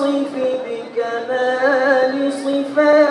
صفي بكمال صفاته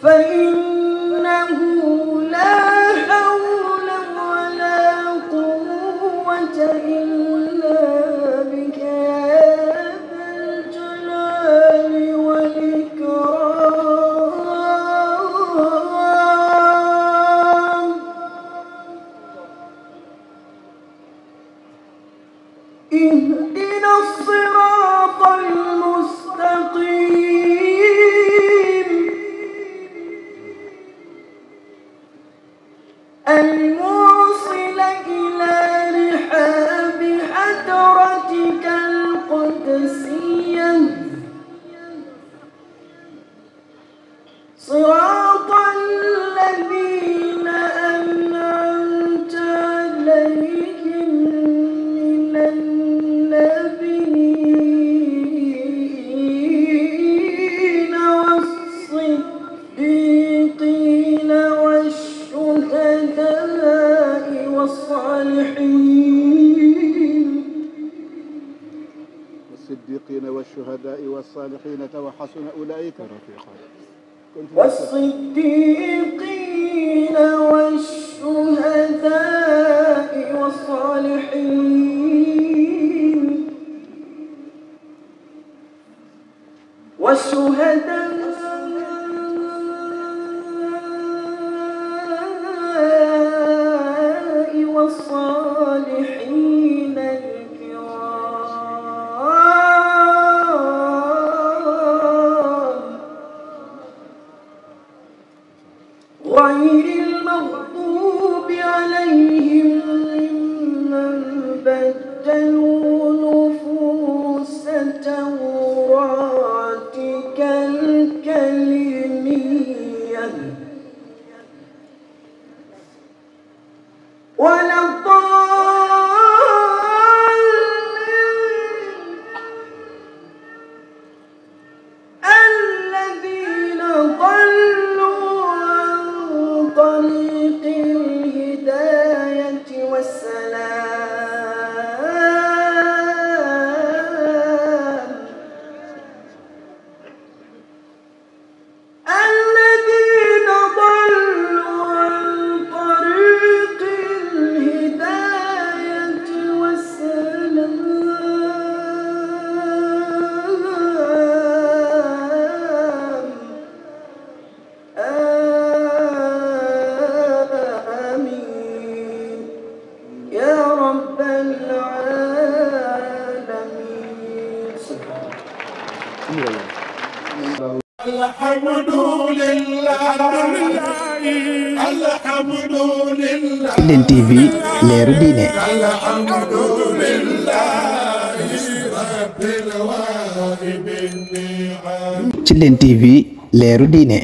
فإنه Tilleen TV leeru diine Tilleen TV leeru diine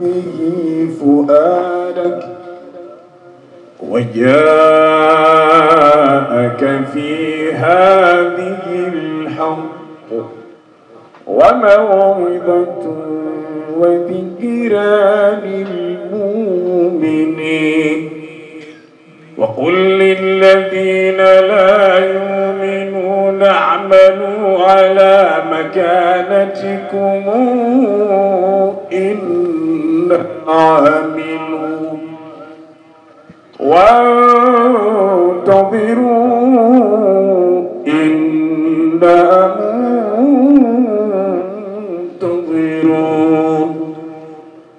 به فؤادك وجاءك في هذه الحق وموعظة وذكرى للمؤمنين وقل للذين لا يؤمنون اعملوا على مكانتكم إنا عاملون وانتظروا إنا منتظرون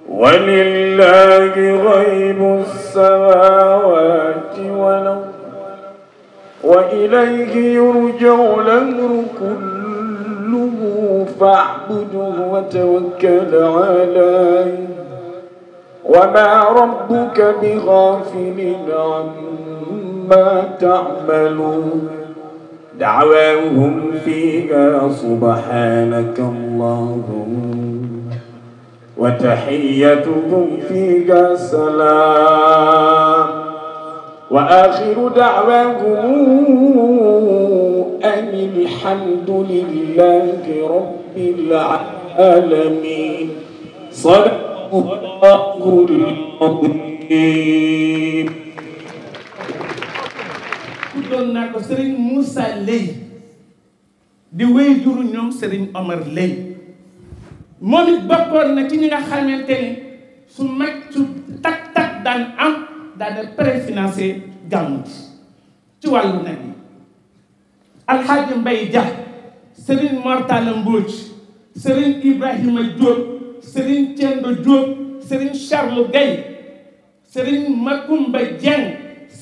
ولله غيب السماوات وإليه يرجع الأمر كله فاعبده وتوكل عليه وما ربك بغافل عما تعملون دعواهم فيها سبحانك اللهم وتحيتهم فيها سلام وآخر دعواهم أن الحمد لله رب العالمين صدق الله العظيم tuddoon naa ko Serigne Moussa Leye di wéy juru ñoom Serigne Omar Leye moom it bokkoon na ci ñi nga xamante ni su mag su tak tak daan am daana préfinancé gàmmu ji ci wàllu nag yi alxaaji mbay ja sëriñ mortala mbóoj sëriñ ibrahima jóob sëriñ cendo jóob sëriñ charles gay sëriñ makumba jeng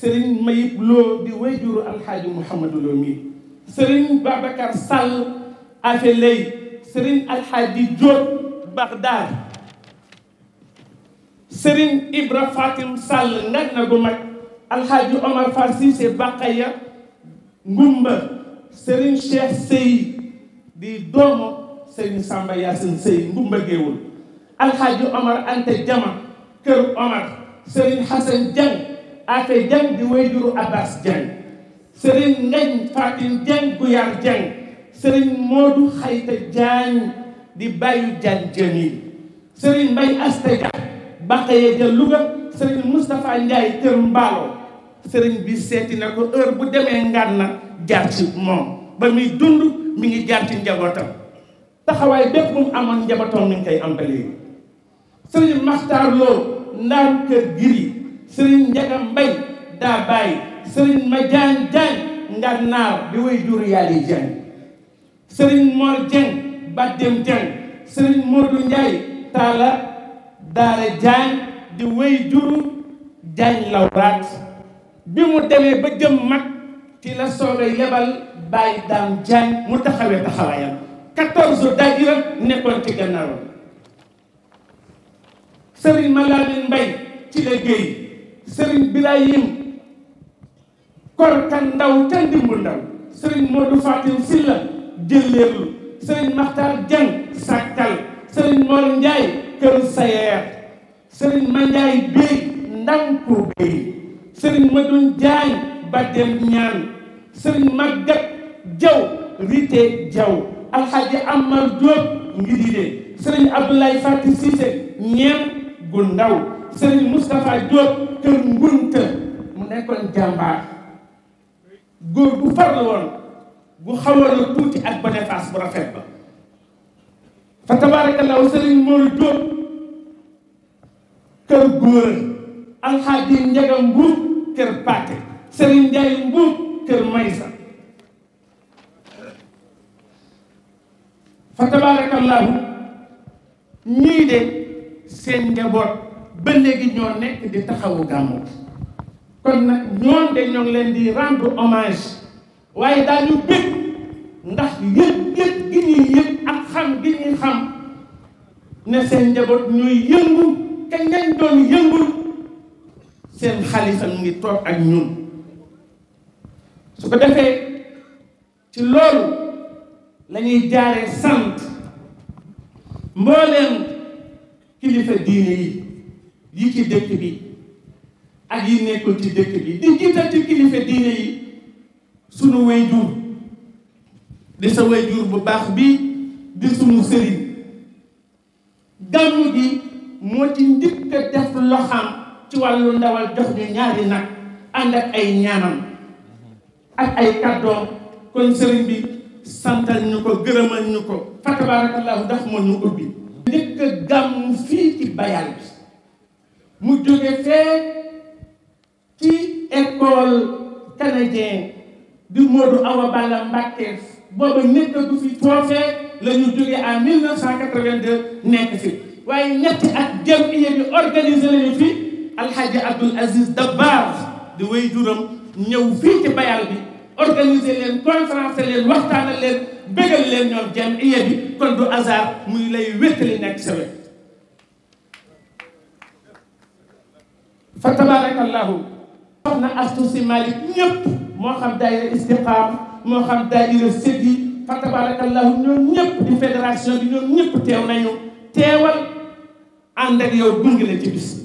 sëriñ mayib loo di wayjuru alxaaji mouhamadou loo sëriñ babacar sàll afe sëriñ alxaaji jóob bagdaad Serigne Ibra Fatim Sall ngan na gu mag Alxaaji Omar Fall Cissé Bakaya Ngumba Serigne Cheikh Sey di doomu Serigne Samba Yacine Sey Ngumba Géewul Alxaaji Omar Anta Jama Kër Omar Serigne Hassan Dieng Ate Dieng di wayjuru Abbas Dieng Serigne Ngañ Fatim Dieng Guyar Dieng Serigne Modou Xayta Diagne di bàyyi Diagne Jamil Serigne Mbaye Asta Diagne baqayee jël Louga sëriñ Moustapha Ndiaye kër Mbaalo sëriñ bi seeti na ko heure bu demee ngan na jaar ci moom ba muy dund mi ngi jaar ci taxawaay bépp mu amoon njabootam mi ngi koy am ba léegi sëriñ Maxtaar Lo ndaam kër giri sëriñ Njaga Mbay sëriñ ma jaan nga naar bi way jur yàlli jaan sëriñ Mor Jeng Badem Jeng sëriñ Modou Ndiaye Talla daara jaañ di wéy juru jaañ lawraat bi mu demee ba jëm mag ci la sooga yebal bàyyi daam jaañ mu taxawee taxawaayam quatorze daayira nekkoon ci gannaawam sëriñ Malamine Mbay ci la géey sëriñ Birahim Korka Ndaw ca Ndimbu Ndaw sëriñ Modou Fatim Silla jëlleerlu sëriñ Maxtaar Jeng Sàkkal sëriñ Mor Njaay kër sayeer sëriñ manjaay béy ndanku béy sëriñ madun jaay badel ñaan sëriñ maggat jaw rite jaw alxaaji amar jóob ngidide sëriñ abdoulaye fati siise ñeen gu ndaw sëriñ moustapha jóob kër ngunta mu nekkoon jàmbaar góor bu farlu woon bu xawoon la tuuti ak bénéface bu rafet ba fa tabaarakallaahu sëriñ Mor Diop kër góor alxaaji Njaga Mbuub kër Paate sëriñ Njaay Mbuub kër Maysa fa tabaarakallaahu ñii de seen njaboot ba léegi ñoo nekk di taxawu gàmmu kon nag ñoom de ñoo leen di rendre hommage waaye daañu bëgg ndax yëg yëg gi ñuy yëg xam gi ñu xam ne seen njaboot ñuy yëngu te ñañ doon yëngul seen xalifa mu ngi toog ak ñun su ko defee ci loolu lañuy jaaree sant mbooleem kilifa diine yi yi ci dëkk bi ak yi nekkul ci dëkk bi di jiital ci kilifa diine yi sunu wayjur di sa wayjur bu baax bi di sunu sëriñ gàmmu gi moo ci njëkk a def loxam ci wàllu ndawal jox ñu ñaari nag ànd ak ay ñaanam ak ay kàddoom kon sëriñ bi santal ñu ko gërëmal ñu ko fa tabarakallahu daf moo ñu ubbi njëkk a fii ci bayal bi mu jóge fee ci école canadien bi Modou Awa Balla Mbacké booba nekk du fi foofee la ñu jógee en 1982 nekk fi waaye ñetti ak jamiya bi organisé lañu fi alxaaji Abdoul Aziz Dabbar di wéy juram ñëw fii ci bayal bi organiser leen conférence leen waxtaanal leen bégal leen ñoom jamiya bi kon du hasard muy lay wéttali nekk sa wet fa tabarakallahu wax na astu si Malick ñëpp moo xam daayira istiqaam moo xam daayira sëddi fa tabarakallahu ñoom ñëpp di fédération bi ñoom ñëpp teew nañu teewal ànd ak yow gunge la ci bis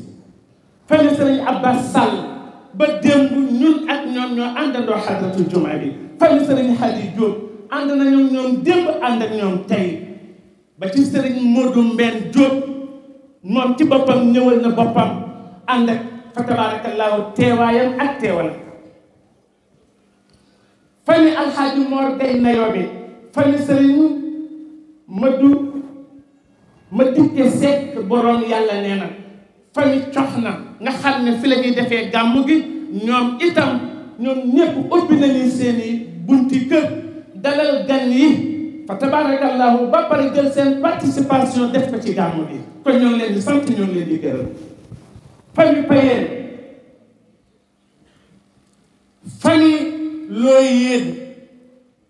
famille sëriñ Abbas Sall ba démb ñun ak ñoom ñoo àndandoo xadratul jumaa bi famille sëriñ Hadi Diop ànd na ñoom ñoom démb ànd ak ñoom tey ba ci sëriñ Modou Mbène Diop moom ci boppam ñëwal na boppam ànd fa tabarakallahu teewaayam ak teewal famille alxaaji Mor day na yoobi fan sëriñ ma du ma dukke sekk borom yàlla nee na fami cox na nga xam ne fi la ñuy defee gàmm gi ñoom itam ñoom ñëpp ubbi nañu seeni bunti kër dalal gan yi fa tabarakallahu ba pare jël seen participation def ko ci gàmm gi kon ñoo ngi leen di sant ñoo ngi leen di gërëm fami payeen fami looy yéen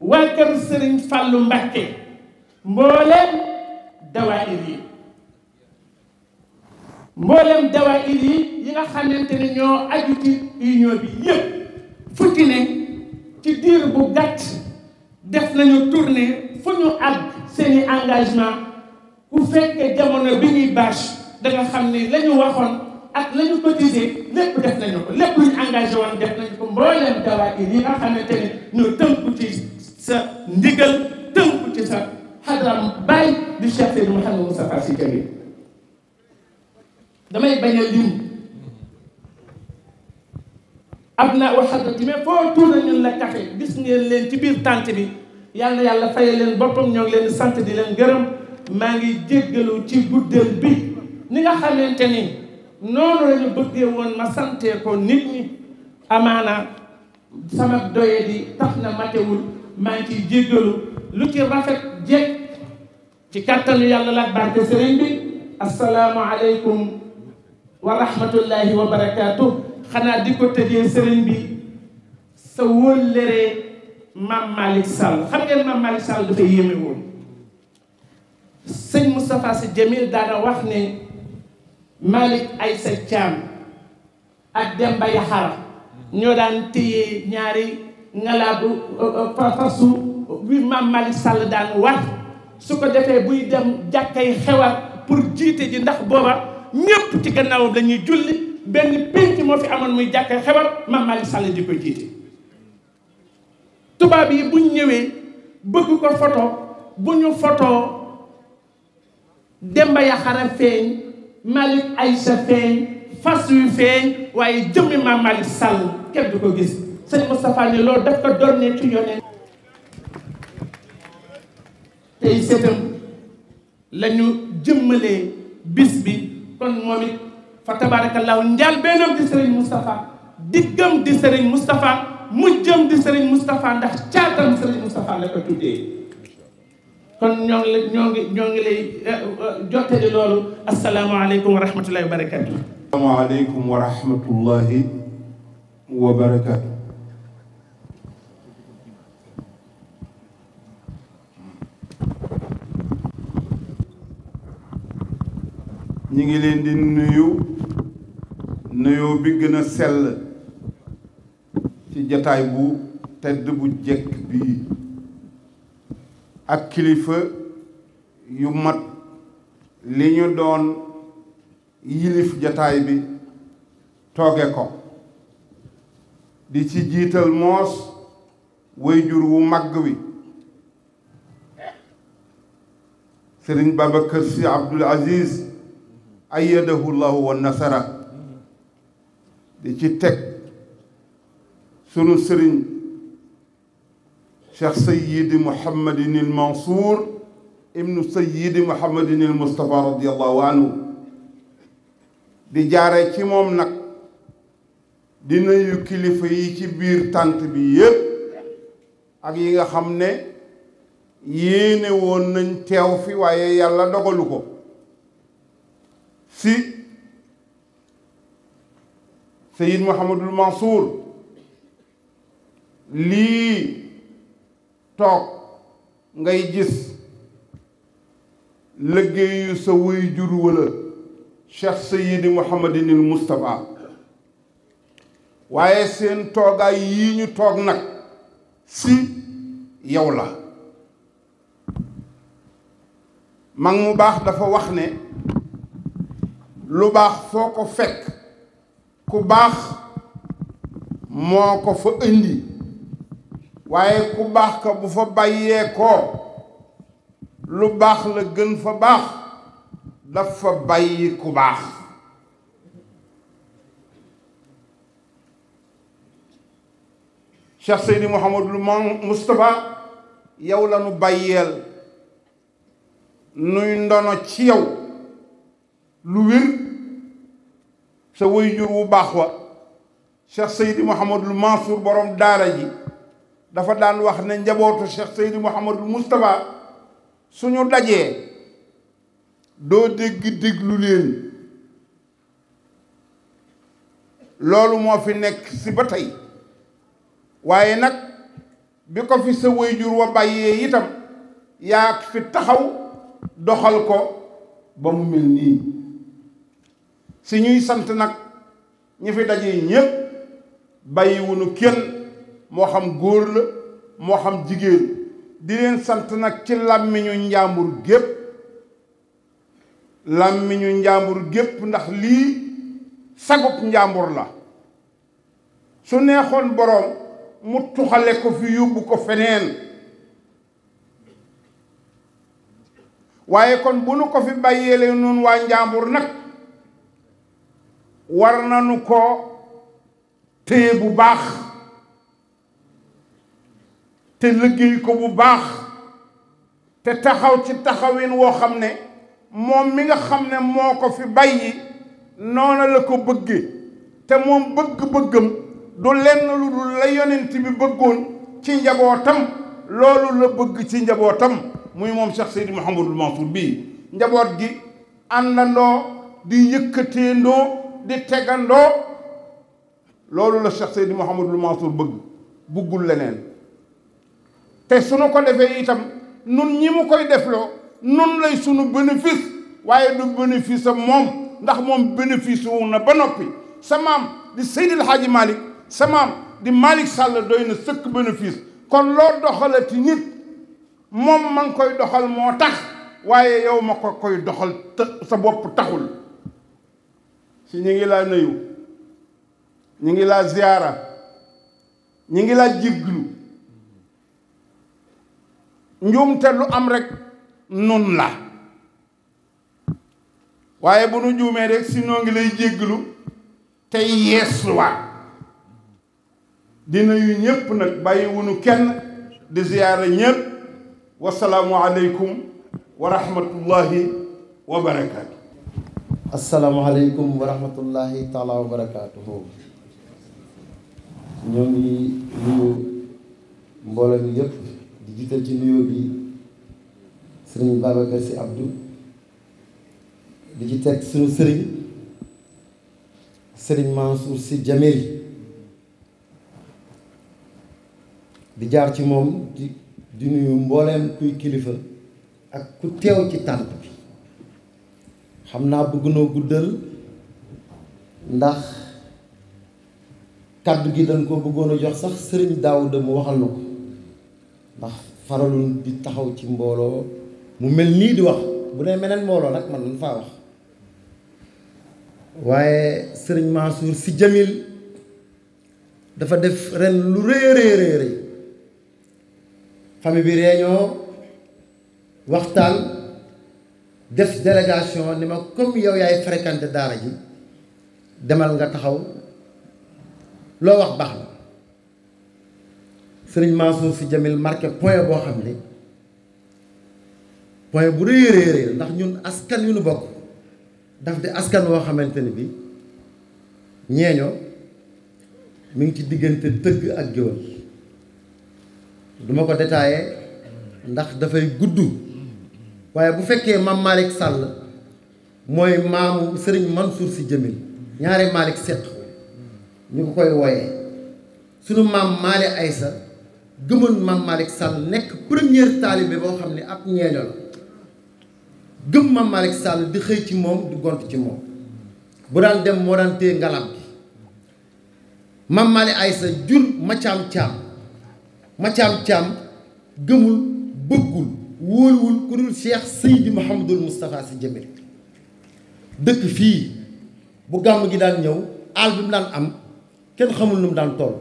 waa kër sëriñ fàllu mbàkke mbooleem dawaayir yi mbooleem dawaayir yi yi nga xamante ne ñoo aju ci union bi yëpp fukki ne ci diir bu gàtt def nañu tournée fu ñu àgg seeni engagement ku fekkee jamono bi ñuy bâche nga xam ni la ñu waxoon ak la ñu cotisé lépp def nañu ko lépp lu ñu engagé woon def nañu ko mbooleem dawaayir yi nga xamante ne ñoo tënku ci sa ndigal tënku ci sa xadaram bàyyi di Cheikh Seydou Mouhamed Moustapha Sy Jamil damay bañ a lim am naa waxal ci mais foo tuur ñun la gis ngeen leen ci biir tànt bi yàlla na yàlla fayal leen boppam ñoo ngi leen sant di leen gërëm maa ngi jéggalu ci guddeel bi ni nga xamante ni noonu la bëggee woon ma santee ko nit ñi amaana sama doye di tax na matewul maa ngi ciy jéggalu lu ci rafet jekk ci kàttanu yàlla laaj barke sëriñ bi asalaamu aleykum wa rahmatullahi wa barakaatu xanaa di ko tëjee sëriñ bi sa wóllëree maam Malick Sall xam ngeen maam Malick Sall dafa yéeme woon sëñ Moustapha Sy Jamil daana wax ne Malick Aïssa Thiam ak Demba Yaxara ñoo daan téye ñaari nga laa bu euh, euh, fasu bi maam Malick Sall daan wax su ko defee buy dem jàkkay xewar pour jiite ji ndax booba ñépp ci gannaawam la ñuy julli benn pénc moo fi amoon muy jàkkay xewar maam Malick Sall di ko jiite tubaab yi buñ ñëwee bëgg ko photo bu ñu photo Demba Yaxara feeñ Malick Aïcha feeñ fas yu feeñ waaye jëmmi maam Malick Sall du ko gis sëñ Moustapha ne loolu daf ko bis bi kon moom it fa tabarakallahu njaal bennam di sëriñ Moustapha diggam tuddee kon ñoo ngi lay ñoo ngi ñoo ngi lay eh, eh, jottali loolu asalaamaaleykum wa rahmatullahi wa barakatu asalaamaaleykum wa rahmatullahi wa barakatu ñi ngi leen di nuyu nuyoo bi gën a sell ci jataay bu tedd bu jekk bii ak kilifa yu mat li ñu doon yilif jataay bi tooge ko di ci jiital moos wayjur wu màgg wi sëriñ Babacar Sy Abdoul Aziz ayyadahu llahu wa nasara di ci teg sunu sëriñ cheikh sayidi muhammadin il mansour ibn sayidi muhammadin il mustapha radiallahu anhu di jaare ci moom nag di nuyu kilifa yi ci biir tànt bi yépp ak yi nga xam ne yéene nañ teew fi waaye yàlla dogalu si Seyid Mouhamadul Mansour lii toog ngay gis liggéeyu sa wuy jur wala Cheikh Seyidi Mouhamadinil Moustapha waaye seen toogaay yii ñu toog nag si yow la mag mu baax dafa wax ne lu baax foo ko fekk ku baax moo ko fa indi waaye ku baax ka bu fa bàyyee lu baax la gën fa baax daf fa bàyyi ku baax Cheikh Seydi Mouhamadul Moustapha yow la nu bàyyeel nuy ndono ci yow lu wér sa way jur wu baax wa Cheikh Seydi Mouhamadul Mansour borom daara ji dafa daan wax ne njabootu Cheikh Seydi Mouhamadul Moustapha suñu dajee doo dégg déglu leen loolu moo fi nekk si ba tey waaye nag bi ko fi sa wayjur wa bàyyee itam yaa fi taxaw doxal ko ba mu mel nii si ñuy sant nag ñi fi daje ñépp bàyyiwunu kenn moo xam góor la moo xam jigéen di leen sant nag ci làmmiñu njàmbur gépp làmmiñu njàmbur gépp ndax lii sagub njàmbur la su neexoon boroom mu tuxale ko fi yóbbu ko feneen waaye kon bu nu ko fi bàyyee leen waa njàmbur nag war na nu ko téye bu baax te liggéey ko bu baax te taxaw ci taxawin woo xam ne moom mi nga xam ne moo ko fi bàyyi noona la ko bëggee te moom bëgg-bëggam du lenn lu dul la yonent bi bëggoon ci njabootam loolu la bëgg ci njabootam muy moom Cheikh Seydi Mouhamadul Mansour bii njaboot gi noo di yëkkateendoo di tegandoo loolu la Cheikh Seydi Mouhamadul Mansour bëgg buggul leneen te sunu ko defee itam nun ñi mu koy defloo nun lay sunu bénéfice waaye du bénéfice am moom ndax moom bénéfice wu na ba noppi sa maam di Seydil Hadji Malick sa maam di Malick Sall doy na sëkk bénéfice kon loo doxalati nit moom ma ngi koy doxal moo tax waaye yow ma ko koy doxal sa bopp taxul ci ñi ngi laa nuyu ñi ngi laa ziyaara ñi ngi laa jéglu njuumte lu am rekk nun la waaye bu nu juumee rek si noo ngi lay jéglu te yeesluwaat di nuyu ñépp nag bàyyi wunu kenn di ziyaara ñépp wasalaamu aleykum wa rahmatullahi wa barakaatu asalaamaaleykum wa rahmatullahi taala wa barakaatuhu ñoo ngi nuyu mbooloo mi yëpp di jiital ci nuyoo bi sëriñ Babacar ci Abdou di ci teg suñu sëriñ sëriñ Mansour Sy Djamil di jaar ci moom di di nuyu mbooleem kuy kilifa ak ku teew ci tànt xamna bëgg no guddal ndax kaddu gi dañ ko bëggono jox sax serigne daoud mu waxal nako ndax faralul di taxaw ci mbolo mu melni di wax bu ne menen mbolo nak man lañ fa wax waye serigne Mansour si jamil dafa def ren lu re re re re fami bi réunion waxtaan def délégation ni ma comme yow yaay fréquenté daara ji demal nga taxaw loo wax baax na sëriñ Mansour Sy Djamil marqué point boo xam ne point bu rëy a rëy ndax ñun askan yu nu bokk daf di askan woo xamante ni bi ñeeño mu ngi ci diggante tëgg ak géwël duma ko détaillé ndax dafay gudd waaye bu fekkee maam Malick sàll mooy maamu Serigne Mansour Sy Djamil ñaari Malick seq ñu ko koy wooyee suñu maam Maali Aysa gëmoon maam Malick Sall nekk première taalibe boo xam ne ak ñeeño la gëm maam Malick Sall di xëy ci moom di gont ci moom bu daan dem moo daan téye ngalam gi maam Maali Aysa jur macaam caam macaam caam gëmul bëggul wóoluwul ku dul Cheikh Seydi Mouhamadul Moustapha si Djamil dëkk fii bu gàmm gi daan ñëw àll bi daan am kenn xamul nu mu daan toll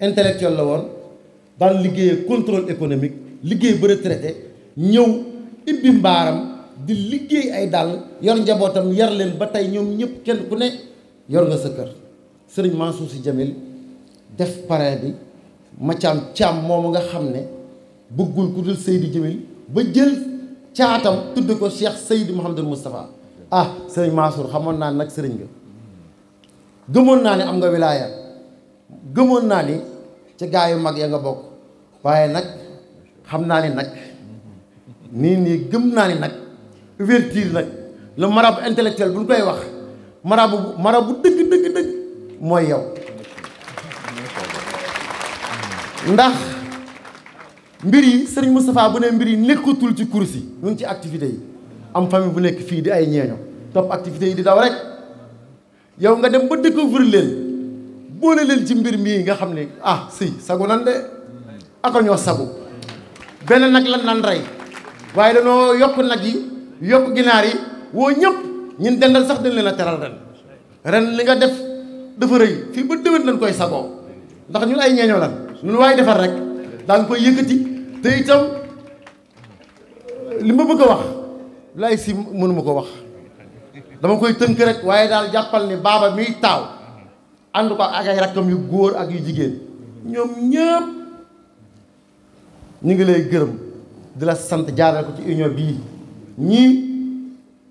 intellectuel la woon daan liggéeyee contrôle économique liggéey ba retraité ñëw ibbi mbaaram di liggéey ay dàll yor njabootam yar leen ba tey ñoom ñëpp kenn ku ne yor nga sa kër sëriñ Mansour Sy Djamil def parrain bi Mathiam Thiam moomu nga xam ne bëggul ku dul Seydi Djamil ba jël caatam tudd ko Cheikh Seydou Mouhamadul Moustapha ah sëriñ Mansour xamoon naa ni nag sëriñ nga gëmoon naa ni am nga wilaaya gëmoon naa ni ci gaa yu mag ya nga bokk waaye nag xam naa ni nag nii nii gëm naa ni nag ouverture nag le marabout intellectuel bu ñu koy wax marabout marabout dëgg dëgg dëgg mooy yow ndax mbir yi sëriñ Moustapha bu ne mbir yi nekkatul ci course yi mu ngi ci activité yi am famille bu nekk fii di ay ñeeño topp activité yi di daw rek yow nga dem ba découvrir leen boole leen ci mbir mii nga xam ne ah si sagu nan de aka ñoo sagu benn nag lan nan rey waaye danoo yokk nag yi yokk ginaar yi woo ñëpp ñun dendal sax dañ leen a teral ren ren li nga def dafa rëy fii ba déwén lañ koy sagoo ndax ñun ay ñeeño la ñun waaye defal rek dang koy yëkëti te itam limu bëgg wax lay si mënuma ko wax dama koy teunk rek waye dal jappal ni baba mi taw ànd ko ak ay rakam yu goor ak yu jigen ñom ñepp ñi ngi lay gërëm di la sant jaarale ko ci union ñi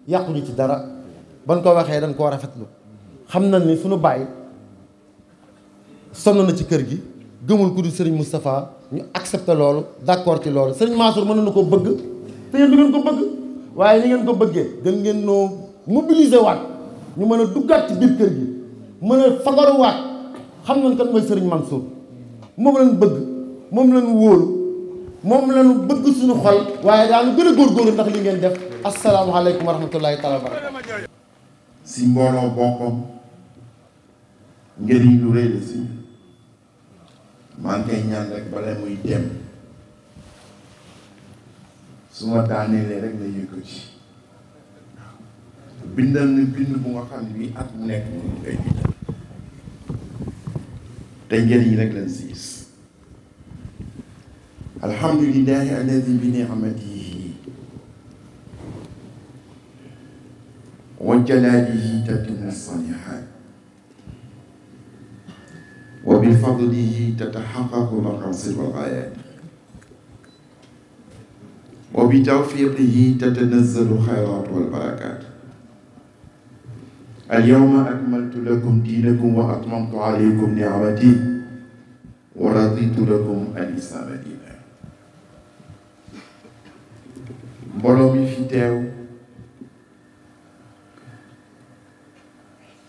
yaqku ñu ci dara ban ko waxe dañ ko rafetlu xam ni suñu baye sonna na ci kër gi gëmul ku du Serigne mustapha ñu accepté loolu d'accord ci loolu sëñ Mansour mën na ko bëgg te yéen ngeen ko bëgg waaye ni ngeen ko bëggee gën ngeen noo mobiliser waat ñu mën a duggaat ci biir kër gi mën a fagaruwaat xam nañ kan mooy sëriñ Mansour moom lañ bëgg moom lañ wóolu moom lañ bëgg suñu xol waaye daanu gën a góorgóorlu ndax li ngeen def asalaamaaleykum wa rahmatullahi taala wa barakatu si mbooloo boppam yi lu rëy la si maa ngi koy ñaan rek bala muy dem su ma daaneelee rek na yëkkati bindal na bind bu nga xam ni bii at mu nekk mu ngay bind te njëriñ rek lañ si alhamdulillahi alladi bi ni'amatihi wa jalaalihi tatimmu saalihaat وبفضله تتحقق مقاصد الغايات وبتوفيقه تتنزل الخيرات والبركات اليوم أكملت لكم دينكم وأتممت عليكم نعمتي ورضيت لكم الإسلام دينا mbooloo في تاو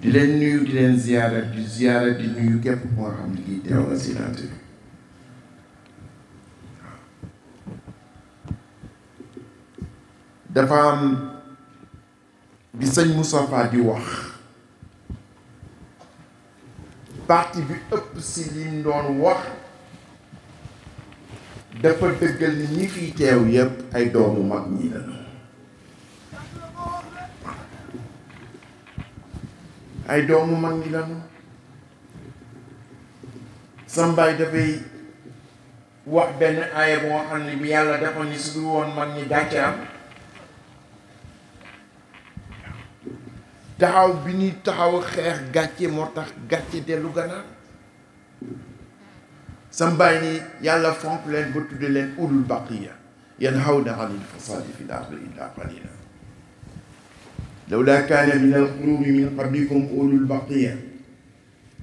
di leen nuyu di leen ziyaara di ziyaara di nuyu képp koo xam ne kii teew nga si natt bi dafa am bi sëñ Moustapha di wax parti bi ëpp si lim doon wax dafa dëggal ni ñi fiy teew yépp ay doomu mag ñi la ay doomu mag ñi lañu sambaay dafay wax benn aaya boo xam ne bi yàlla dafa ni su dul woon mag ñi dàcc taxaw bi ñuy taxaw xeex gàcce moo tax gàcce dellu gannaaw sa mbaay ni yàlla fonk leen ba tudde leen ulul baqiya yanhawna anil fasaadi fil ardi illa qalila لولا كان من القلوب من قبلكم أولو البقية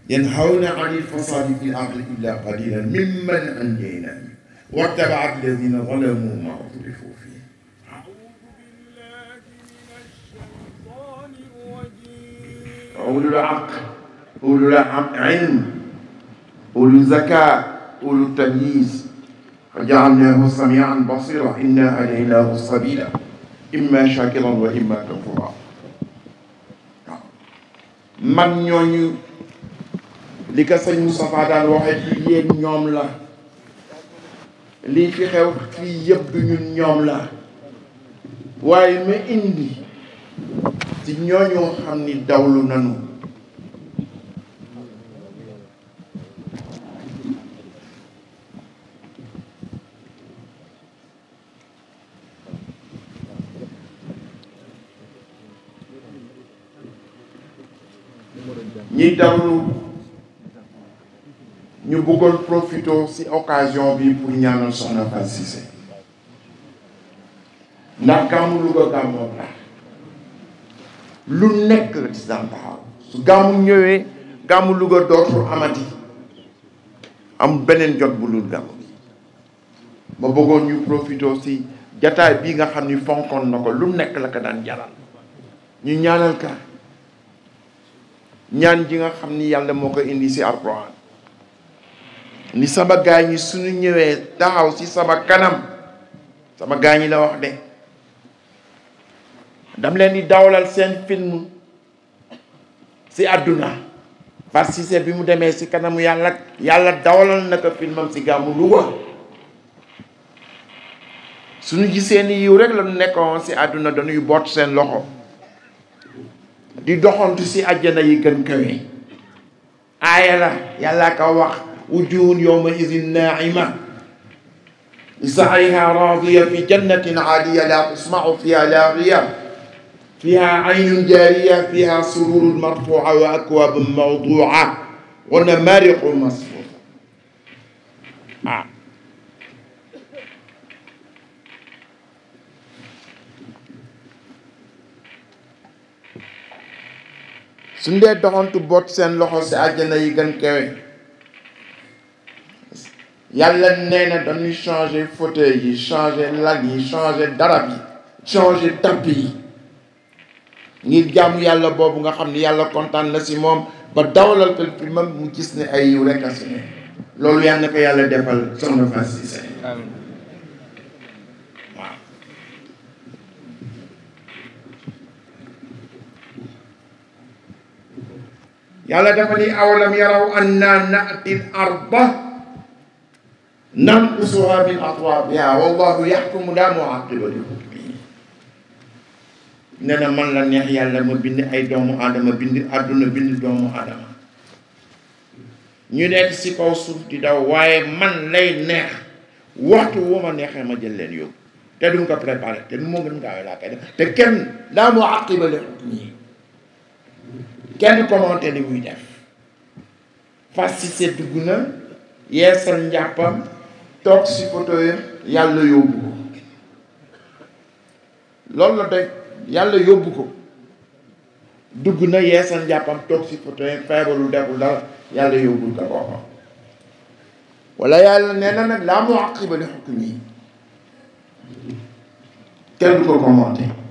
ينهون عن الفساد في الأرض إلا قليلا ممن أنجينا واتبع الذين ظلموا ما أطرفوا فيه أولو العقل أولو العلم أولو الذكاء أولو التمييز وجعلناه سميعا بصيرا إنا هديناه السبيل إما شاكرا وإما كفورا mag ñooñu li ko sëñ Moustapha daan waxee ci ñoom la lii fi xew fii yëpp du ñun ñoom la waaye ma indi ci ñooñu xam ni dawlu nañu ñu dawlu ñu bëggoon profito ci occasion bi pour ñaanal soxna Fatou Cissé ndax gàmmu Louga gàmmoo tax lu nekk di daan taxaw su gàmmu ñëwee gàmmu Louga dootul amati am beneen jot bu lul gàmmu bi ma bëggoon ñu profito ci jataay bii nga xam ni fonkoon na ko lu nekk la ko daan jaral ñu ñaanal ka ñaan ji nga xamni ni moko indi si alquran ni sama gaay ñi suñu ñëwé taxaw si sama kanam sama gaay ñi la wax dé dam leen di dawlal seen film si àdduna Far Cissé bi mu démé ci kanamu yalla yalla dawlal naka filmam filmam si lu wa suñu gisee ni yiw rek la ñu nekkoon si aduna dañuy bot seen loxo di doxantu si àjjana yi gën kawe aaya la yàlla ko wax wujuhun yawma idin naima سعيها راضية في جنة عالية لا تسمع فيها لاغية فيها عين جارية فيها سرور مرفوعة وأكواب موضوعة ونمارق مصفوفة suñ dee doxantu boot seen loxo si àjjana yi gën kawe yàlla nee na dañuy changer fauteuil yi changer lal yi changer darab yi changer tapis yi ngir jàmm yàlla boobu nga xam ne yàlla kontaan na si moom ba dawalal ko fi mu gis ne ay yiw rek a si ne loolu yàlla na yàlla defal soxna yàlla dafa ni awalam yaraw anna naati arba nanqusuha min atwabiha wallahu yaxkumu laa muaqiba li hukmihi nee na man la neex yàlla ma bind ay doomu aadama bind àdduna bind doomu aadama ñu nekk si kaw suuf di daw waaye man lay neex waxtu wu ma neexee ma jël leen yóbbu te du mu ko préparé te nu moo gën gaawe laa koy def te kenn laa muaqiba li hukmihi kenn du commenté li muy def fasciste dugg na yeesal njàppam toog si poto yàlla yóbbu ko loolu la de yàlla yóbbu ko dugg na yeesal njàppam toog si poto feebaru deful dara yàlla yóbbul ko boppam wala yàlla nee na nag laa muaqiba li hukmi kenn du ko commenté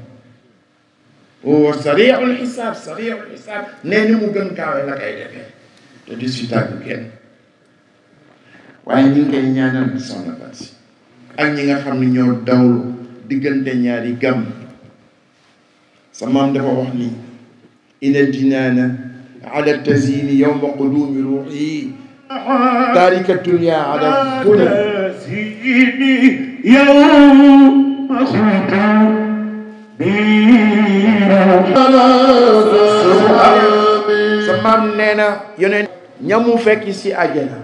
wa oh, sari'ul xisaab sari'ul xisaab nee ni mu gën gaawee la koy defee te di si tàggu kenn waaye ñi ngi koy ñaanal bi soxna Faty ak ñi nga xam ñoo dawlu diggante ñaari gàmm sa maam dafa wax ni ala dunya ala sa maam nee na yeneen ñamu fekk si àjjana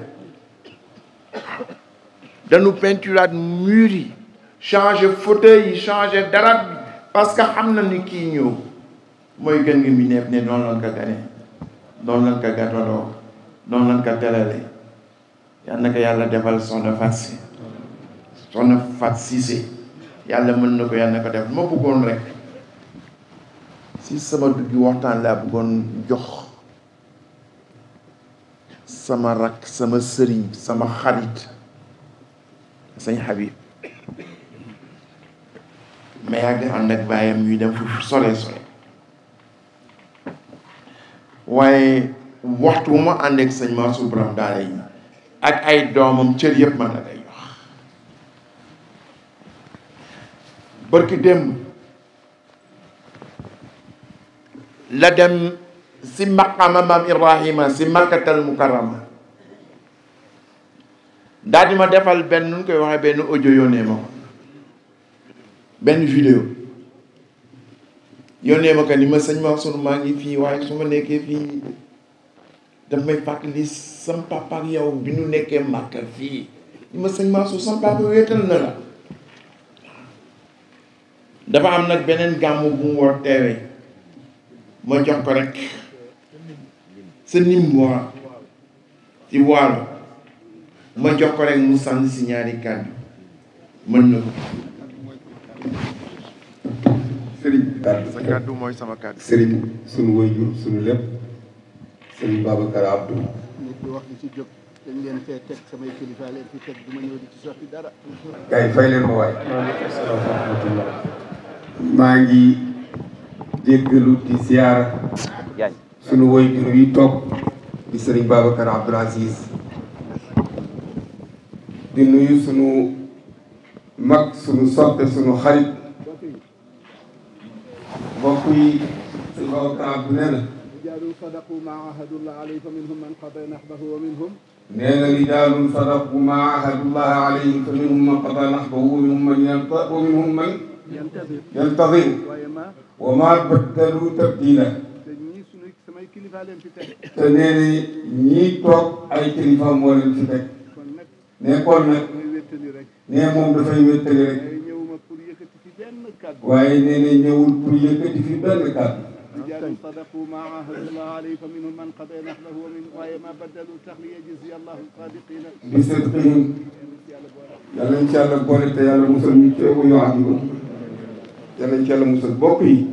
dañu peinturaat mur yi changer fauteuil changer dara bi que xam na ni kii ñëw mooy gën ngi mi neef ne noonu lan ko gane noonu lan ko gàttaloo noonu lan ko telale yal na ko yàlla defal soxna Fatou Cissé soxna Fatou yàlla mën na ko yàlla na ko def ma bëggoon rek ci sama dugg waxtaan laa bëggoon jox sama rak sama sëriñ sama xarit sañ Habib mais yàgg ànd ak bàyyam ñuy dem fu sore sore waaye waxtu bu ma ànd ak sañ Mansour borom daara yi ak ay doomam cër yëpp man la day wax barki démb la dem si maqaama maam Ibrahima si makkatal mukarrama daal ma defal benn nu koy waxee benn audio yónnee ma ko benn vidéo yónnee ma ko ni ma sëñ Mansour maa ngi fii waaye su ma nekkee fii daf may fàttali sam papa ak yow bi nu nekkee Màkka fii ni ma sëñ Mansour sam papa wéetal na la dafa am nag beneen gàmmu bu mu war teewee ma jox ko rek sa nim waa ci waalo ma jox ko rek mu sànni si ñaari kàddu mën na ko sa kàddu mooy sama kàddu sëriñ sunu waajur sunu lépp sëriñ Babacar Abdou nit du wax li ci jóg dañ leen fee teg samay kilifa leen fi teg du ma ñëw di ci sotti dara gars fay leen ma jéggalu di ziyaara sunu wayjur yi toog di sëriñ Babacar Abdoul Aziz di nuyu sunu mag sunu soppe sunu xarit mbokk yi sunu Babacar Abdou nee na nee na rijaalun sadaqu maa ahadullah alayhim fa minhum man qada nahbahu wa minhum man yantaziru wa maa baddalu tabdiila te nee na ñii toog ay kilifa moo leen fi teg ne kon nag ne moom dafay wéttali rek waaye nee na ñëwul pour yëkkati fi benn kàddu رجال صدقوا ما عاهدوا الله عليه فمنهم من قضى نحبه ومنهم ما بدلوا تخلية يجزي الله الصادقين بصدقهم yàlla incha allah boole te yàlla musal ñu teewu yoo xam yal nañ ci yàlla musal bokk yi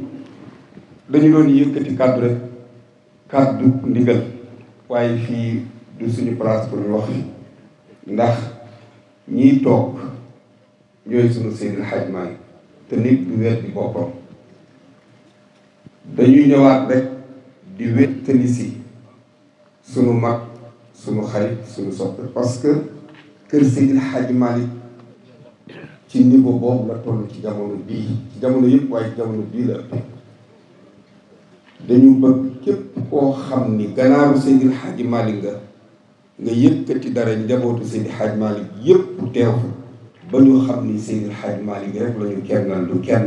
dañu doon yëkkati kàddu rek kàddu ndigal waaye fii du suñu place pour ñu wax fi ndax ñiy toog ñooy suñu Seydil Hadj Malick te nit du wet di boppam dañuy ñëwaat rek di wéttali si sunu mag suñu xarit sunu soppe parce que kër Seydil Hadj Malick ci niveau boobu la toll ci jamono bii ci jamono yëpp waaye ci jamono bii la dañu bëgg képp koo xam ni ganaaru Seydil Hadji malik nga nga yëkkati dara njabootu Seydil Hadji Malick yëpp teew ba ñu xam ni Seydil Hadji malik rek la ñu kennal du kenn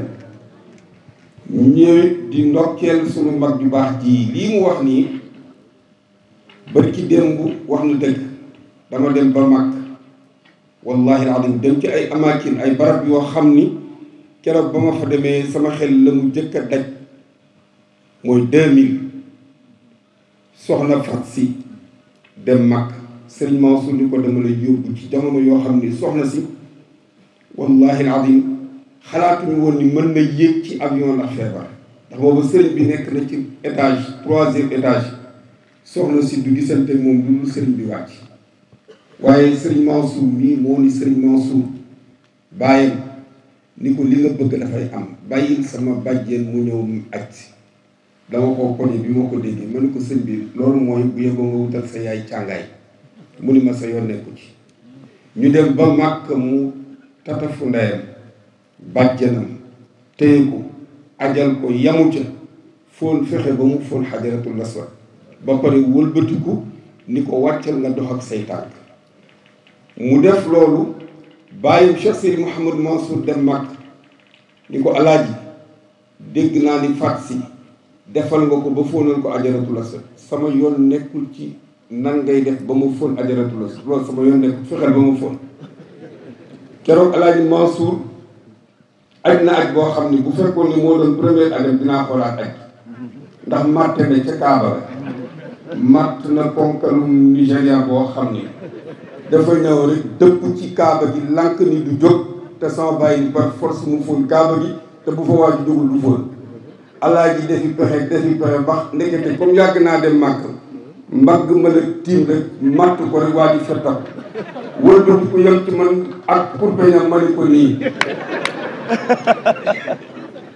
ñëwit di ndokkeel sunu mag ju baax ji lii mu wax nii barki ci démb wax na dëgg dama dem ba mag والله العظيم دمت اي اماكن اي برب يو خامني كرب بما فا ديمي سما خيل لمو جيكا داج موي 2000 سخنا فاتسي دم مك سيرن موسو ديكو دمل يوب سي جامو يو خامني سي والله العظيم خلاط ني وني من ما ييك سي افيون لا فيبر دا بوبو سيرن بي نيك نا سي سي دو غيسنتي موم دو سيرن waaye sëriñ Mansour mii moo ni sëriñ Mansour bàyyil ni ko li nga bëgg dafay am bàyyil sama bàjjeen mu ñëw mu aj dama ko kone bi ma ko déggee ma ko sëñ bi loolu mooy bu yeboo nga wutal sa yaay càngaay mu ni ma sa yoon nekku ci ñu dem ba màkk mu tatafu ndeyam bàjjenam téye ko ajal ko yamu ca fóon fexe ba mu fóon xajaratul aswad ba pare wëlbatiku ni ko wàccal nga dox ak say mu def loolu bàyyi Cheikh Seydi Mouhamed Mansour dem mag ni ko alaaji dégg naa ni faat si defal nga ko ba fóonal ko ajaratu la sama yoon nekkul ci nan ngay def ba ma fóon ajaratu la loolu sama yoon nekkul fexeel ba ma fóon keroog alaaji Mansour aj na aj boo xam ne bu fekkoon ni moo doon première ajam dinaa xoolaat aj ndax màtte ne ca Kaaba la màtt na konkalum Nigéria boo xam ni dafa ñëw rek depp ci kaaba gi lank ni du jog te sama bàyyi ba force mu fóon kaaba gi te bu fa waa ji jógul du fóon alaaji defi pexe defi pexe bax ndekete comme yàgg naa dem màkk mbagg ma la tiim rek matt ko rek waa ji fettak wëlbati ko yem ci man ak pour peñam ma ko nii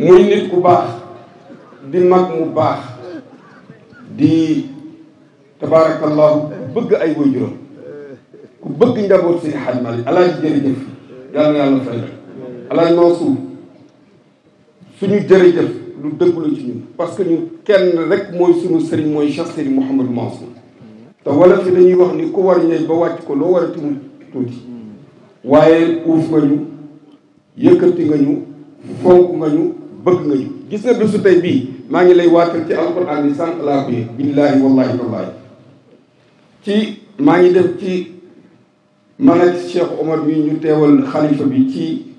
muy nit ku baax di mag mu baax di tabaarakallahu bëgg ay waajuram ku bëgg njaboot si xaj Malick alaaji jërëjëf yàlla na yàlla fay alaaji Mansour suñu jërëjëf lu dëgg la ci ñun parce que ñun kenn rek mooy suñu sëriñ mooy Cheikh Sëriñ Mouhamadou Mansour te wala fi dañuy wax ni ku war ñëw ba wàcc ko loo war a tumu tuuti waaye uuf nga ñu yëkkati nga ñu fonk nga ñu bëgg nga ñu gis nga bésu tey bii maa ngi lay waatal ci alquran ni sànq laa ko billaahi wallaahi tallaahi ci maa ngi def ci man ak Cheikh bi ñu teewal xalifa bi ci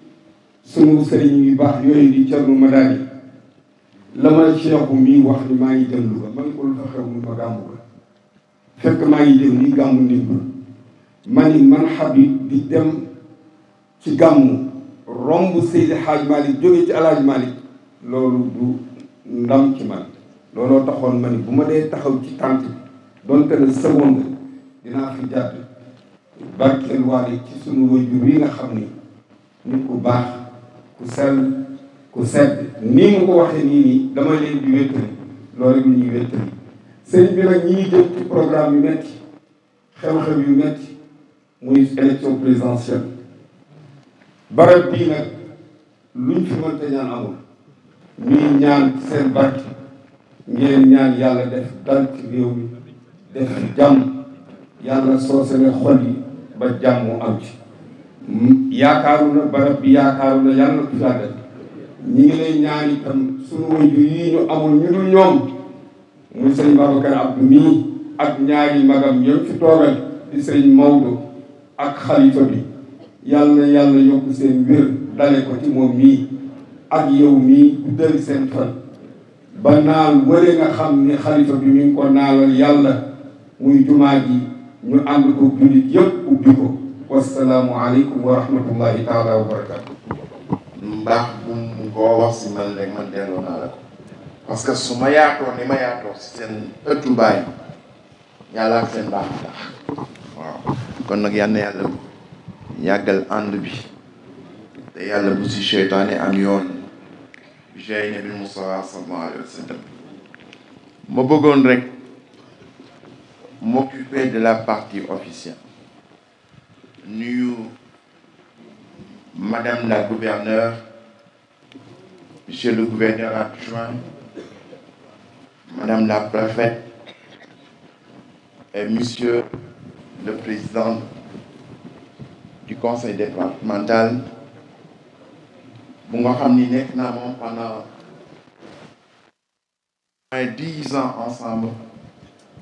sunu sëriñ yu baax yooyu di Thierno Madani la ma Cheikh mi wax ni maa ngi dem Louga man ko lu fa xew ma gàmmu la fekk maa ngi dem ni gàmmu ndimbal ma ni man Habib di dem ci gàmmu romb Seydi Hadj Malick jóge ci Alhaaj Malick loolu du ndam ci man looloo taxoon ma ni bu ma dee taxaw ci tànk donte ne seconde dinaa fi barkeel waale ci sunu waajur yi nga xam ni nit ko baax ku sell ku sedd nii mu ko waxee nii nii dama leen di wéttali loolu rek ñuy wéttali sëñ bi nag ñi jëm ci programme yu metti xew-xew yu metti muy élection présidentielle barab bii nag luñ fi mënta ñaan amul ñuy ñaan seen barke ngeen ñaan yàlla def dal ci réew def jàmm yàlla soosale xol yi ba jàmm am ci mm, yaakaaru na barab bi yaakaaru na yàlla na ñi ngi lay ñaan itam sunu waajur yi ñu amul ñu dul ñoom muy sëñ Babacar Abdou mii ak ñaari magam yëpp fi toogal di sëñ Maodo ak xalifa bi yàlla na yàlla yokk seen wér dale ko ci moom mii ak yow mii guddal seen fan ba naal wëre nga xam ni xalifa bi mi ngi ko naalal yàlla muy jumaa ji ñu ànd ko jullit yëpp ubbi ko wasalaamualeykum wa rahmatullahi taala wa barakaatu mbaax bu mu koo man rek man delloo naa la ko su ma yaatoo ni ma yaatoo si seen ëttu mbaay yàlla ak seen baax tax waaw kon nag yal na yàlla yàggal ànd bi te yàlla bu si seytaane am yoon bi jaay nabi Musaa sallallahu alayhi wa sallam ma bëggoon rek m'occuper de la partie officielle Nous, madame la gouverneure monsieur le gouverneur adjoint madame la préfète et monsieur le président du conseil départemental nous avons pendant 10 ans ensemble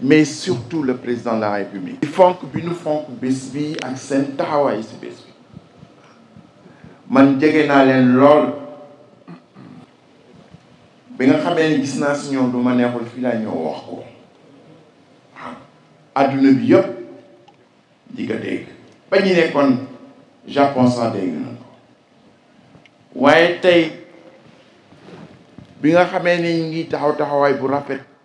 mais surtout le président de la république fonk bi ñu fonk bés bi ak seen taxawaay si bés bi man jege naa leen lool bi nga xamee ni gis naa si ñoom du ma neexul fii laa ñëw wax ko waaw ah, bi yëpp di dégg ba ñu nekkoon japon sax dégg na ko waaye tey bi nga xamee ni ngi taxaw taxawaay bu rafet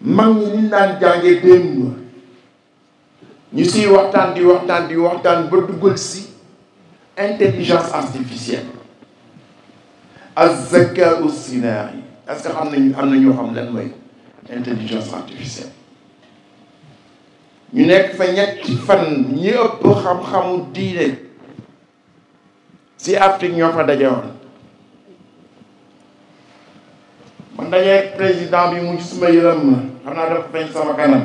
Je suis niñ jangé dem ñu ci waxtan di waxtan di intelligence artificielle az est-ce que xam intelligence artificielle ñu nekk fa ñetti fan ñi ëpp xam-xamu si Afrique ñoo président xam naa dafa feeñ sama kanam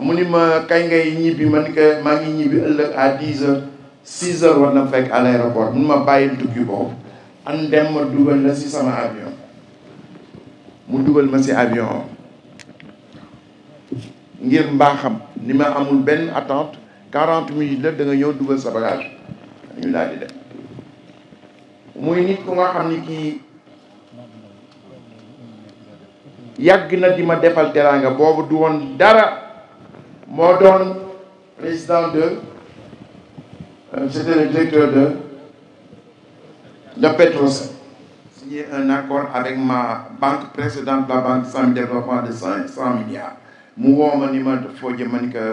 mu ni ma kay ngay ñibbi man que maa ngi ñibbi ëllëg à 10 heures 6 heures war na fekk à l' mun ma bàyyil tukki boobu an dem ma dugal la si sama avion mu dugal ma si avion ngir mbaaxam ni ma amul benn attente 40 minutes la da ñëw dugal sa bagage muy nit ku nga xam ni kii yagna dima di ma defal du won dara mo don président de euh, c'était le directeur de de Petrosen signé un accord avec ma banque précédente la banque de développement de 100 milliards mu woo ni ma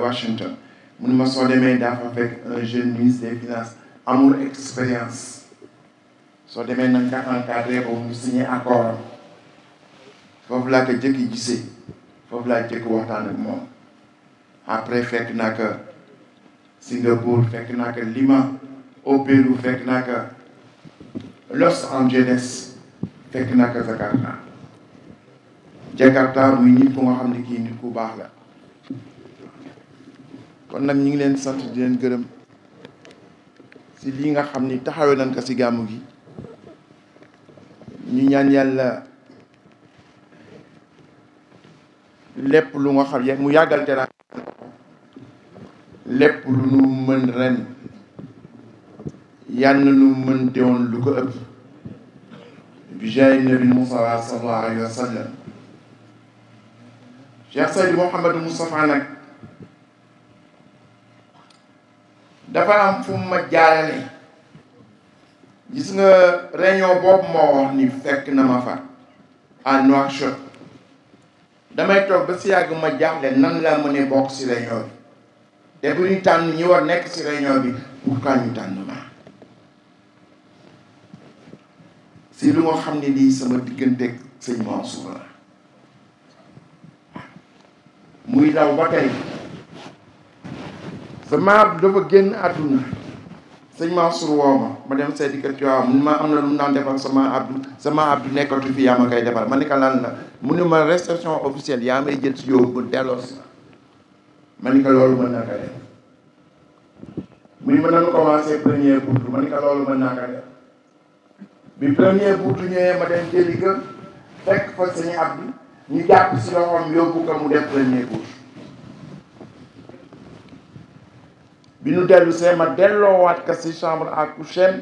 Washington mu ma so démé daa un jeune ministre des finances amour expérience so démé na ka encadré pour signer signer accord foofu laa ko jëkki gisee foofu laa jëkk waxtaan ak moom après fekk naa ko Singapour fekk naa ko Lima au fekk naa ko Los Angeles fekk naa ko Jakarta Jakarta muy nit ku nga xam ne kii nit ku baax la kon nag ñu ngi leen sant di leen gërëm si lii nga xam ni taxawee nañ ko si gàmmu gi ñu ñaan yàlla lépp lu nga xam mu yàggal teraanga lépp lu nu mën ren yal nu mën teewoon lu ko ëpp bi jaay nabi Mustafa sallallahu alayhi wa sallam Cheikh Seydi Mouhamadou nag dafa am fu ma jaarale gis nga réyon boobu moo wax ni fekk na ma fa à Nouakchott damay toog ba si yàgg ma jaaxle nan laa mënee bokk si réunion bi te bu ñu tànn ñi war nekk si réunion bi pourquoi ñu tànn ma si lu nga xam ne lii sama diggante sëñ Mansour la muy daw ba tey sama dafa génn àdduna sëñ Mansour woo ma ma dem seeti di Tiwaawan am ma am na lu nan daan defal sama abdu sama abdu nekkatu fi yama kay defal ma ne ko lan la mu ma réception officielle yaa may jël si yóbbu delloos ma ne ka lolou man na ka def muy man nañu premier buntu ma ne ko loolu mën naa def bi premier buntu ñëwee ma dem di gën fekk fa sëñ abdu ñu jàpp si loxoom yóbbu ko mu def premier buntu bi nu dellu see ma waat ka si chambre à coucher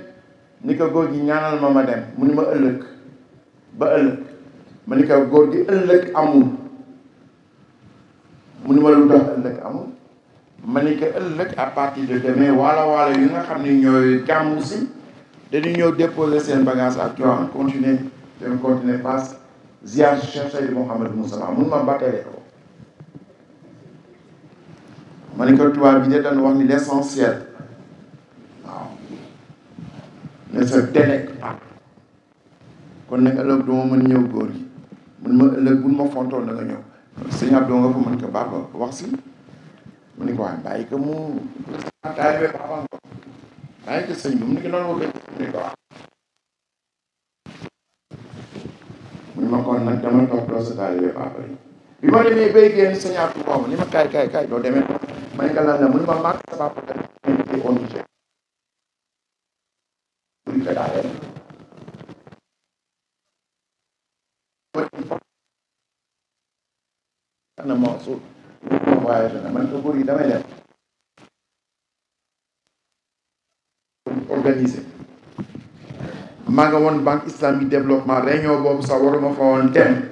ni ko góor gi ñaanal ma ma dem mu ni ma ëllëg ba ëllëg ma ni ko góor gi ëllëg amul mu ni ma lu tax ëllëg amul ma ni ko ëllëg à partir de demain waalo waalo yi nga xam ni ñooy gàmmu si dañu ñëw déposer seen bagage ak Tivaouane continuer dem continuer passe ziar chercher Mouhamed Moussa mun ma batale ko man ne ko tubaab bi de dañu wax ni l'essentiel waaw ne se délecte kon nag ëllëg duma mën ñëw góor yi mun ma ëllëg buñ ma fontoon na nga ñëw sëñ Abdou nga fa mën ko baax wax si mu ni ko waaye bàyyi ko mu taay bi baaxoon ko bàyyi ko sëñ bi mu ni ko noonu waxee ko wax mu ma kon nag dama toog doo sa taay bi baax bi ma demee bay génn sañaatu moom ni ma kaay kaay kaay doo demee ma ne ko lan la mu ne ma màgg sa papa ka invité conducteur buri ka daa dem na Mansour moom voyage na man ko bur yi damay dem organisé maa nga woon banque islamique développement réunion boobu sax waruma fa woon dem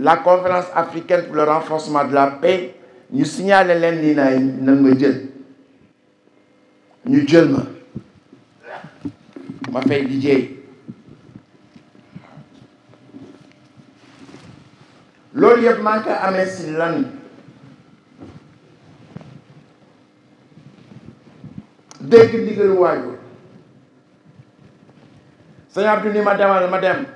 la conférence africaine pour le renforcement de la paix nous signale les lignes naay ma jël ñu jël ma ma fay liggéey loolu yëpp que Seigneur, madame. si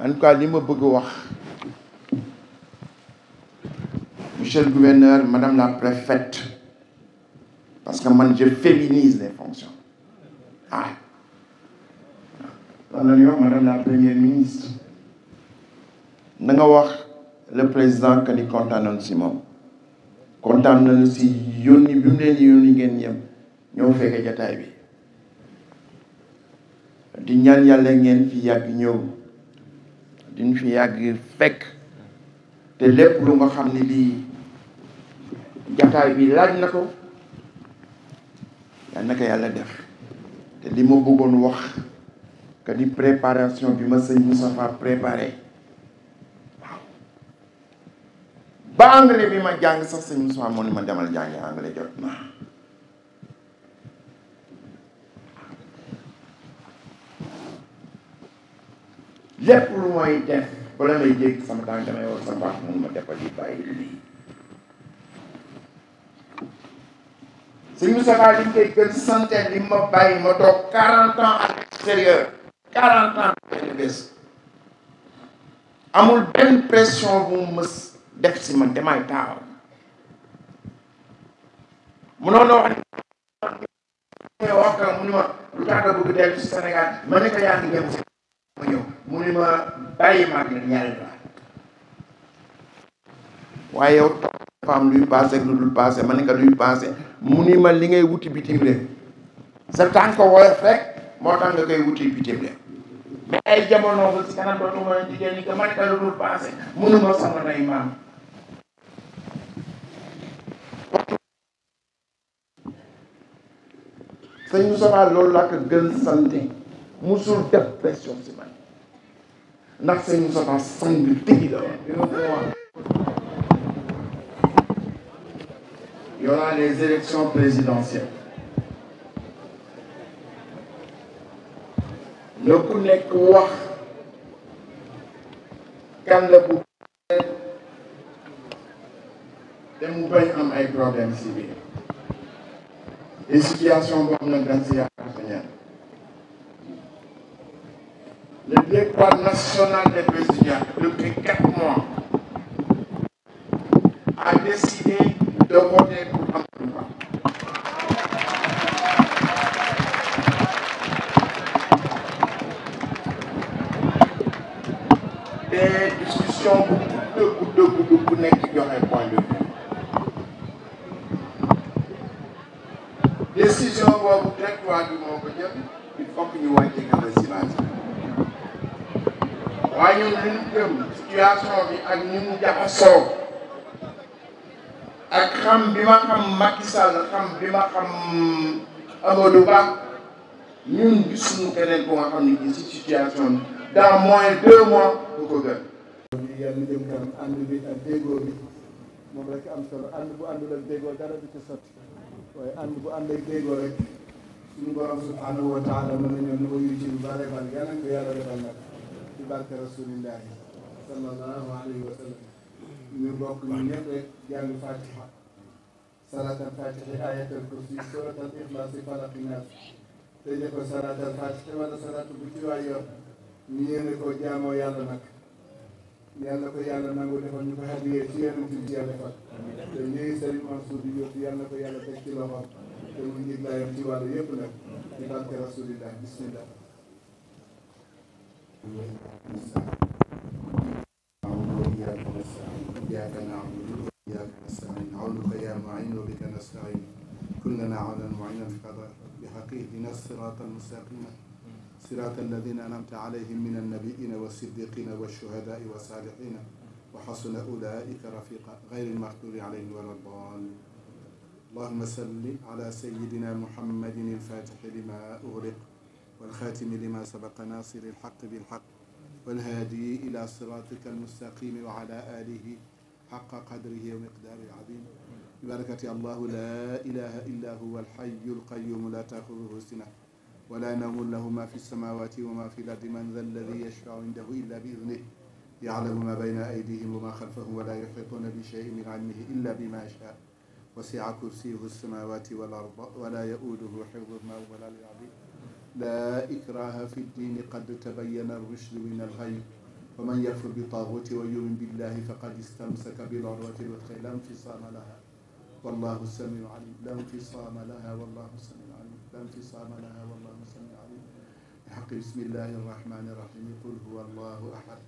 en tout cas li ma bëgg wax monsieur le gouverneur madame la préfète parce que man je féminise les fonctions ah loolu madame la première ministre na nga wax le président que ni kontaanoon si moom kontaan nañu si yoni bi mu leen di yónni ñoo fekkee jataay bi di ñaan yàlla fi yàgg ñëw duñ fi yagg fekk té lepp lu nga xamni li jattaay bi laaj nako ya naka yalla def té li mo bëggoon wax ka di préparation bi ma sëñ Moustapha préparé ba anglais bi ma jang sax sëñ Moustapha mo ni ma demal jang anglais jot na lépp lu mooy def bala may war sama baax mun ma defal yi li ñu koy gën sante li ma bàyyi quarante ans à l'extérieur quarante ans benn bés amul benn pression bu mu mës def si man damay taaw munoon na wax ne wax ka mu ni ma lu tax nga bëgg dellu si Sénégal ma ne ko yaa ngi dem si mu ni ma bàyyi maag waaye yow luy passé ak lu dul passé ma ne ko luy passé mu ni ma li ngay wuti bitim réew sa tànk woyof rek moo tax nga koy wuti bitim réew mais ay jamono ba si kanam dootuma jigéen ñi que man ka lu dul passé mënuma sama nay maam sëñ Moussa loolu laa ko gën sante musul def pression si man nafsi nous sommes en sang du pays là. Il y aura les élections présidentielles. Le coup n'est quoi quand le gouvernement de Moubaye a des problèmes civils. Les situations comme le à séat le directoire national des Brésiliens, depuis quatre mois, a décidé de voter pour Amadouba. Des discussions beaucoup de beaucoup de beaucoup qui ont un point de vue. Décision boobu directoire bi moo ko il faut que nous ayons des images. waaye ñun li ñu gëm situation bi ak ni mu jaxasoo ak xam bi ma xam Macky Sall xam bi ma xam Amadou Ba ñun gis suñu keneen bu nga xam ne ci situation bi dans moins de deux mois ko gën. bi yàlla jëm kanam ànd am solo ànd bu àndul ak déggoo dara du ci sotti waaye ànd bu ànd ak déggoo rek suñu borom subhanahu wa taala mën nañoo nu ko yu ci lu bare bare yàlla ko yàlla defal nag ci barke rasulillahi sallallahu alayhi wa sallam ñu bokk ñu ñëpp rek jàng fatiha salaatal fatihi ayatal kursi suratal ixlaasi falaqi naas te ñu ko salaatal fatihi wala salaatu bu ci waay yor ñu yéene nag yàlla ko yàlla nangu defal ñu ko hadiyee ci yeneen ci bi yàlla defal te ñuy Serigne Mansour di yóbbu yàlla ko yàlla teg ci loxoom te mu njiit laayam nag ci barke rasulillah bismillah إياك نعبد يا معين وبك نستعين الصراط المستقيم صراط الذين أنعمت عليهم من النبيين والصديقين والشهداء والصالحين وحسن أولئك رفيقا غير المغضوب عليهم ولا الضالين اللهم صل على سيدنا محمد الفاتح لما أغلق والخاتم لما سبق ناصر الحق بالحق والهادي إلى صراطك المستقيم وعلى آله حق قدره ومقداره العظيم ببركة الله لا إله إلا هو الحي القيوم لا تأخذه سنة ولا نوم له ما في السماوات وما في الأرض من ذا الذي يشفع عنده إلا بإذنه يعلم ما بين أيديهم وما خلفهم ولا يحيطون بشيء من علمه إلا بما شاء وسع كرسيه السماوات والأرض ولا يؤوده حفظهما ولا العظيم لا إكراه في الدين قد تبين الرشد من الغي ومن يكفر بالطاغوت ويؤمن بالله فقد استمسك بالعروة الوثقى لا انفصام لها والله السميع العليم لا انفصام لها والله السميع العليم لا انفصام لها والله السميع العليم بحق بسم الله الرحمن الرحيم قل هو الله أحد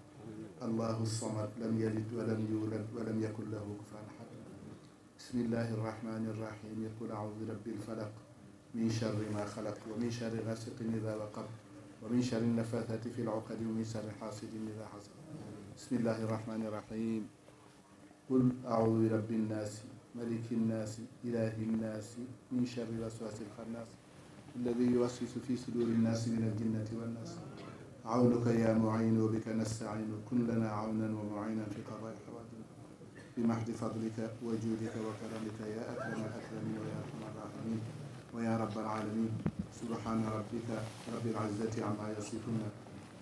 الله الصمد لم يلد ولم يولد ولم يكن له كفوا أحد بسم الله الرحمن الرحيم قل أعوذ برب الفلق من شر ما خلق ومن شر غاسق إذا وقب ومن شر النفاثات في العقد ومن شر حاسد إذا حسد بسم الله الرحمن الرحيم قل أعوذ برب الناس ملك الناس إله الناس من شر الوسواس الخناس الذي يوسوس في صدور الناس من الجنة والناس عونك يا معين وبك نستعين كن لنا عونا ومعينا في قضاء حوادنا بمحض فضلك وجودك وكرمك يا أكرم الأكرمين ويا أرحم الراحمين ويا رب العالمين سبحان ربك رب العزة عما يصفون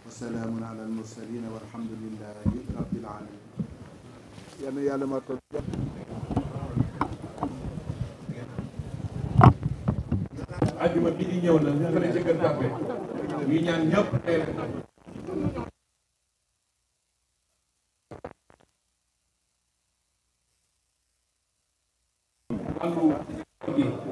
وسلام على المرسلين والحمد لله رب العالمين يعني يا من يعلم Thank you.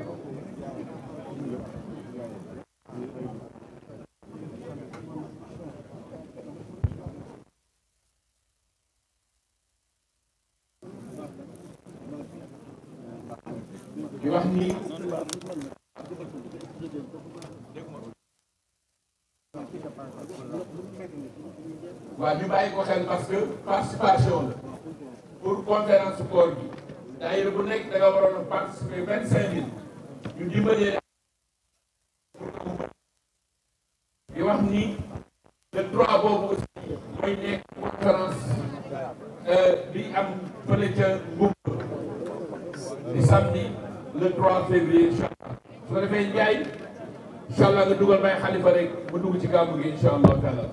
ni waaw ñu bàyyi ko xel parce que participation la pour conférence su koor gi daayira bu nekk da nga waroon a participer vingt cinq mille ñu dimbalee di wax ni le trois boobu aussi mooy nekk conférence euh, bi am fële ca Mbour di samedi le 3 février incha allah su ko defee Ndiaye incha allah nga dugal bay xalifa rek ba dugg ci gàmmu gi incha allah taala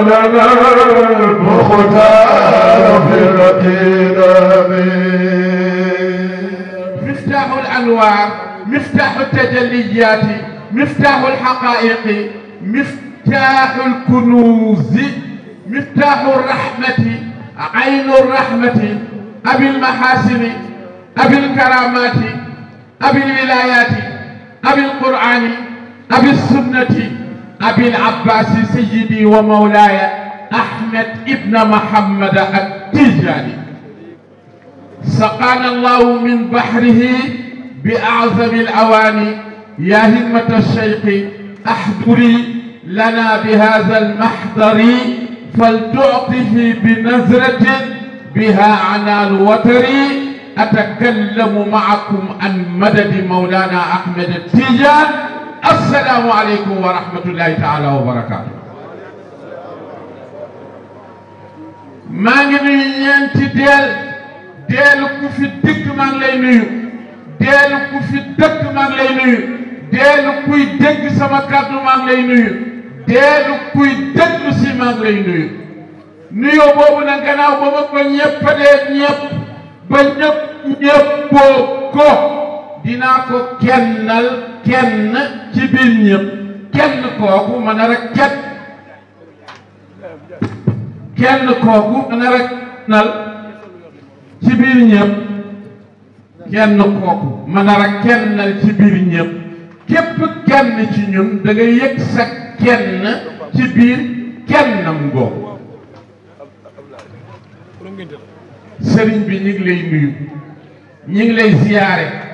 لنا المختار في مفتاح الأنوار مفتاح التجليات مفتاح الحقائق مفتاح الكنوز مفتاح الرحمة عين الرحمة أبي المحاسن أبي الكرامات أبي الولايات أبي القرآن أبي السنة أبي العباس سيدي ومولاي أحمد ابن محمد التجاني سقانا الله من بحره بأعظم الأواني يا همة الشيخ أحضري لنا بهذا المحضر فلتعطه بنظرة بها عنان وتري أتكلم معكم عن مدد مولانا أحمد التجاني asalaamualeykum wa rahmatullahi taala maa ngi nuyu ñeenti deel deelu ku fi maa ngi lay nuyu ku fi maa ngi lay nuyu deelu kuy dégg sama kàddu maa ngi lay nuyu deelu kuy si maa ngi lay nuyu boobu nag gannaaw ba ma ko ñeppalee ñepp ba ñëpp ñëppoo ko dinaa ko kennal kenn ci biir ñëpp kenn kooku mën a rek ket kenn kooku mën a rek nal ci biir ñëpp kenn kooku mën a rek kenn nal ci biir ñëpp képp kenn ci ñun da ngay yëg sa kenn ci biir kennam googu sëriñ bi ñu ngi lay nuyu ñu ngi lay ziyaare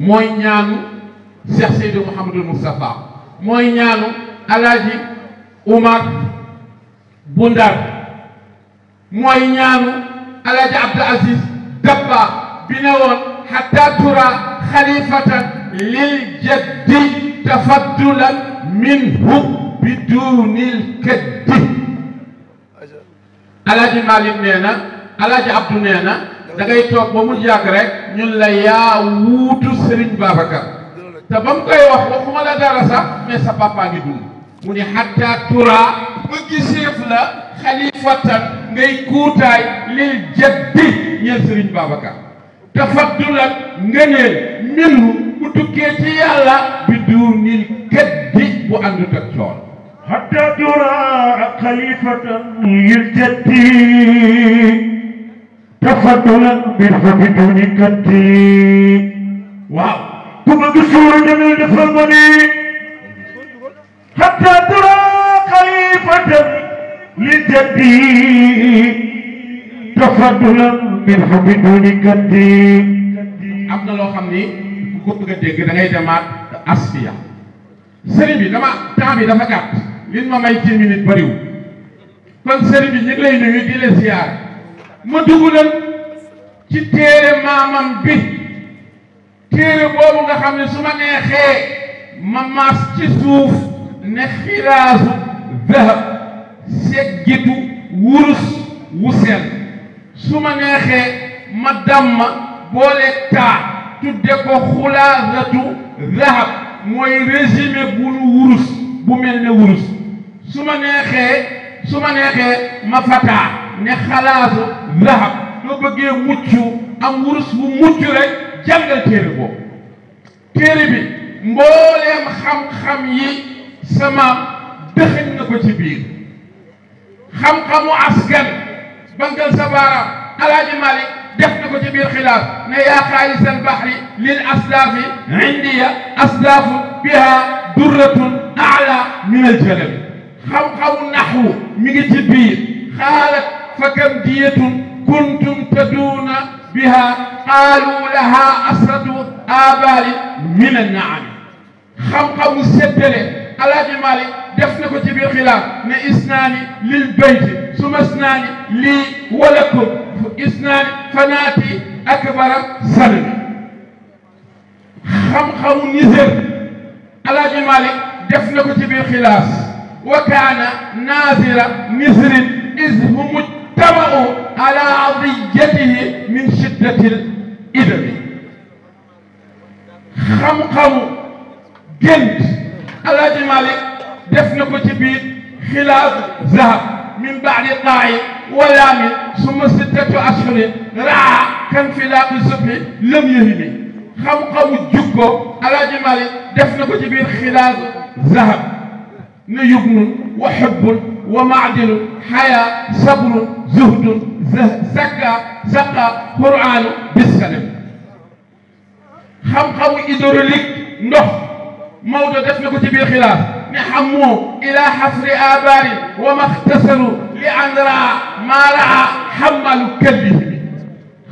mooy ñaanu Cheikh Seydou Mouhamadou Moustapha mooy ñaanu Alaaji Umar bu Ndar mooy ñaanu Alaaji Abdou Aziz Dabba bi ne woon hatta tura xalifatan lil jaddi tafaddulan minhu bidunil kaddi Alaaji Malick nee na Alaaji Abdou nee na da ngay toog ba mu yàgg rek ñun la yaa wuutu Serigne Babacar te ba mu koy wax waxuma la dara sax mais sa papa ngi dund mu ni xatta tura ba giseef la xalifatan ngay kuutaay lil jaddi ñeel Serigne Babacar tafaddulan ngëneel minhu bu tukkee ci yàlla bi du nil kaddi bu àndut ak coon xatta tura xalifatan lil jaddi تفضلا برفق دون كتي واو كما بسورة جميل دفرمني حتى ترى خليفة لجدي تفضلا برفق دون كتي am na loo xam ni bu ko bëgg a dégg da ngay dama temps bi dafa ma may 10 minutes bëriwul kon sëriñ bi ñu ngi lay nuyu ma dugalal ci téere maamam bi téere boobu nga xam ne su ma neexee ma maas ci suuf ne xiraasu dahab seggitu wurus wu seen su ma neexee ma damma boole taa tudde ko xulaasatu dahab mooy résumé bu nu wurus bu mel ne wurus su ma neexee ma fataa ne xalaatu zahab soo bëggee mucc am wurus bu mucc rek jàngal téere boobu téere bi mbooleem xam-xam yi sama dëxëñ na ko ci biir xam-xamu askan bangal sa baaraam alaaji Malik def na ko ci biir xilaaf ne yaa xaalisal baxri lil aslaafi indiya aslaafu biha durratun ala min aljalab xam-xamu naxwu mi ngi ci biir xaalat فكم دية كنتم تدون بها قالوا لها أسرد آبال من النعم خمقم السدل على جمالي دفنك تبير خلاف نإسنان للبيت ثم إسنان لي ولكم إسنان فناتي أكبر سنة خمخم نزر على جمالي دفنك تبير خلاف وكان نازل نزر إذ همت yujtamau ala adiyatihi min shiddatil idami xam-xamu gént Alaaji Malik def na ko ci biir xilaaf zahab min baadi qaayi walaamin suma sittatu ashurin raa kan fi laa bi sufi lam yahimi xam-xamu jukko Alaaji Malik def na ko ci biir xilaaf zahab ne yubnun wa xubbun ومعدن حياة صبر زهد زكا زكا قرآن بالسلام خم خم إدور لك نخ موضة دفنك تبير خلاف نحمو إلى حفر آبار وما اختصروا لأن رأى ما رأى حمل كلبه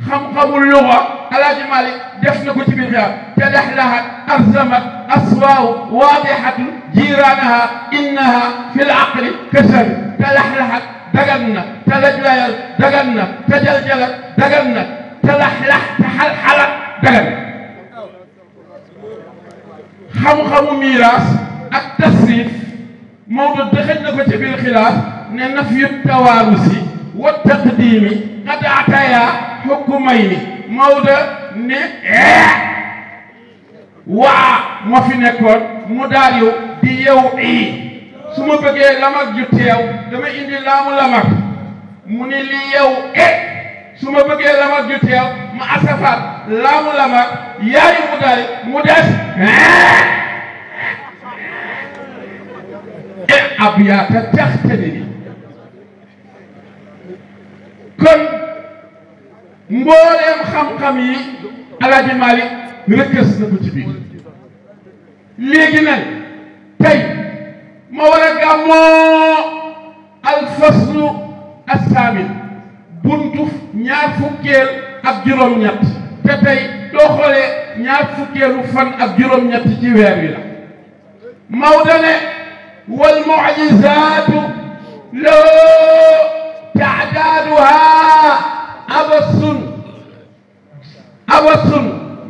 خم خم اللغة على جمالي دفنك تبير خلاف تلحلها أرزمت أصواه واضحة جيرانها إنها في العقل كسر تلحلحت دقنا تلجلل دقنا تجلجل دقنا تلحلح تحلحل دقنا خم خم ميراث التصريف موضوع دخلنا في بير خلاف ننفي التوارث والتقديم قد اعتيا حكمين موضوع ن وا ما في نكون مداريو di yow ii su ma bëggee lamak ju teew dama indi laamu lamak mu ni li yow e su ma bëggee lamak ju teew ma asafaat laamu lamak yaayu mu mu des e ab yaata tax tëni kon mbooleem xam-xam yi Alaaji Maalik rëkkës na ko ci biir léegi tey ma war a gàmmoo alfaslu assaamin buntu ñaar fukkeel ak juróom-ñett te tey doo xoolee ñaar fukkeelu fan ak juróom-ñett ci weer wi la Maodo ne wal mujizaatu loo taadaaduha abasun abasun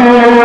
Thank you.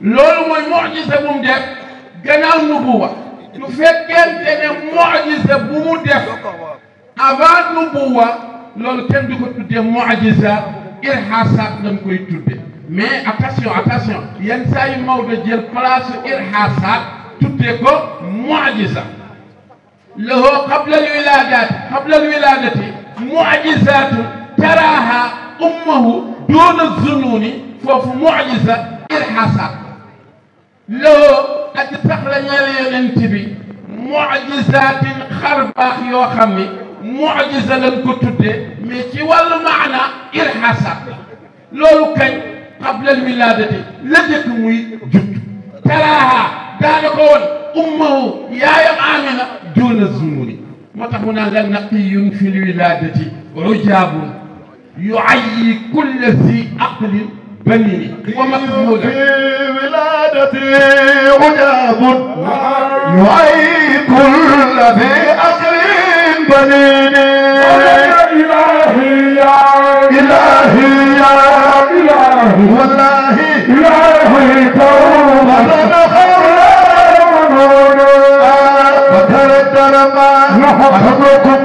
loolu mooy mojisa bu mu def gannaaw nubuwa su fekkente ne mojisa bu mu def avant nubuwa loolu kenn du ko tuddee mojisa irhaasaat lañ koy tudde mais attention attention yenn saa yu jël place irhaasaat tuddee ko mojisa lahu qabla alwilaadaati qabla alwilaadati mujizaatu taraaha ummahu duuna zununi foofu mujiza irhaasaat loo aji sax la ñeel yonent bi mojisaatin xar baax yoo xam ni mojisa lañ ko tuddee mais ci wàllu maana irhasat loolu kañ xablal wilaadati la jëkk muy judd taraaha daana ko woon ummahu yaayam amina doona zumuri moo tax mu naan la naqiyun fi lwilaadati ujaabun yuayyi kulla si aqlin بني ومقبولي في ولادتي عجاب يعي كل ذي أقل بنيني إلهي يا إلهي يا إلهي والله إلهي توبة وتردد ما نحن نحن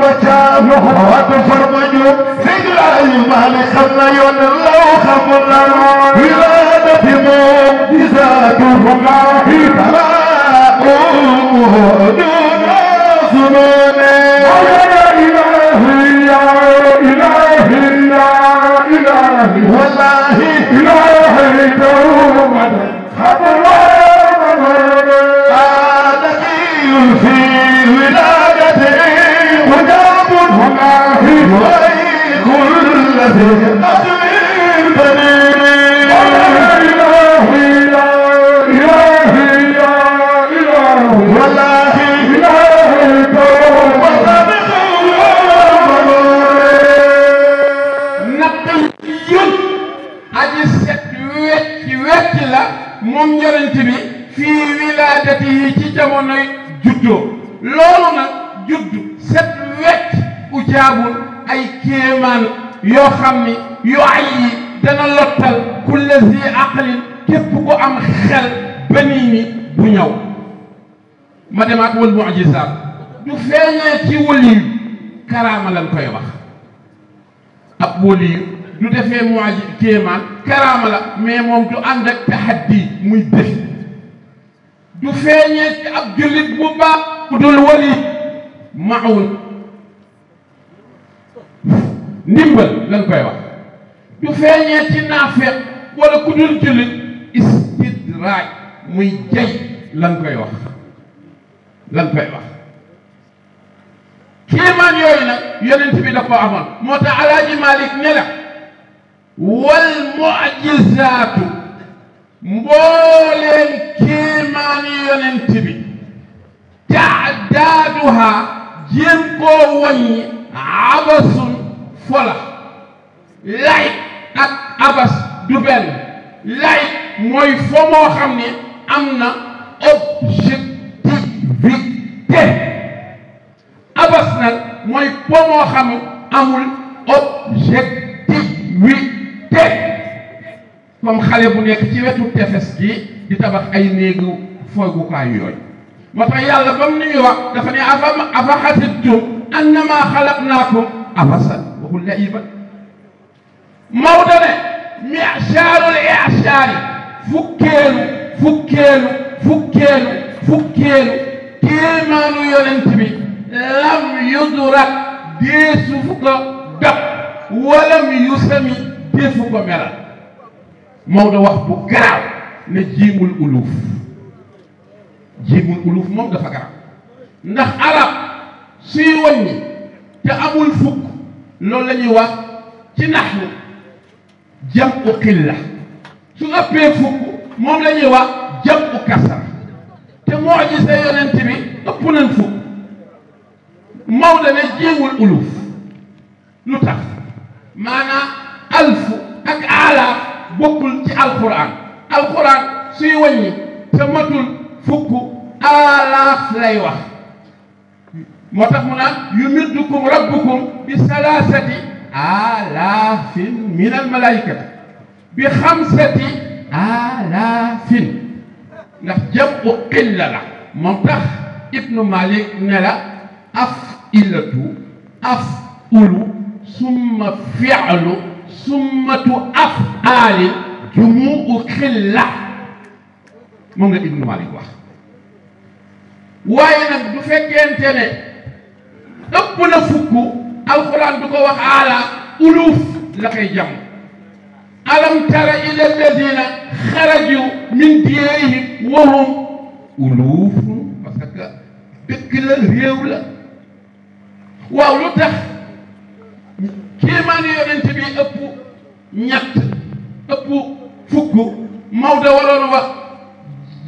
نحن نحن الملك الريون الروح مرر ولادتهم جزاكهم في تراءهم دون صنوم يا إلهي يا إلهي يا إلهي والله إلهي دوما خبرا في ولادته وجاب هنا في prazer. yoo xam ni yu ay yi dana lottal ku lezi aqlin képp ku am xel banii ni bu ñëw ma demaat wal mujisaat du feeñee ci wëliyu karaama lan koy wax ab wëliyu du defee muji kéemaan karaama la mais moom du ànd ak tahaddi muy def du feeñee ci ab jullit bu baax ku dul wali maawun ndimbal lañ koy wax du feeñee ci naafeq wala ku dul jullit istidraaj muy jay lañ koy wax lañ koy wax kéemaan yooyu nag yonent bi da ko amoon moo tax alaaji Malik ne la wal mu'jizaatu mbooleen kéemaan yonent bi taadaaduha jéem koo wàññi abasun fola lay ak abas du lay mooy fo moo xam ne am na objectivité abas nag mooy fo moo xam ne amul objectivité comme xale bu nekk ci wetu tefes gi di tabax ay néegu foogukaay yooyu moo tax yàlla ba mu nuy wax dafa ne afa afa xasibtum annamaa xalaqnaakum abasan وجهه لئيما موطنه معشار الاعشار فكيلو فكيلو فكيلو فكيلو كيمانو يونت بي لم يدرك ديسو فكا دب ولم يسمي ديسو كو ميرا مودا wax bu garaw ne jimul uluf jimul uluf mom dafa garaw ndax arab suy wàññi te amul fukk loolu la ñuy wax ci nax mu jam u xilla su ëppee fukk moom la ñuy wax jam u kasar te moo gisee yonent bi ëpp nañ fukk Maodo ne jéemul uluf lu tax maanaam alfu ak alaaf bokkul ci alquran alquran suy wàññi te matul fukk alaaf lay wax moo tax mu naan yumiddukum rabbukum bi salasati alaafin min al malaykati bi khamsati alaafin ndax jëm u qilla la moom tax ibn malik nela af ilatu af ulu summa fialu summatu af aali jumu xilla moom la ibnu malik wax waye nak du fekkente ne ëpp na fukk alxuraan du ko wax ala uluf la koy jam alam tara ila alladina xaraju min diyarihim wahum uluf parce que dëkk la réew la waaw lu tax kéemaani yonent bi ëpp ñett ëpp fukk Maodo waroon wax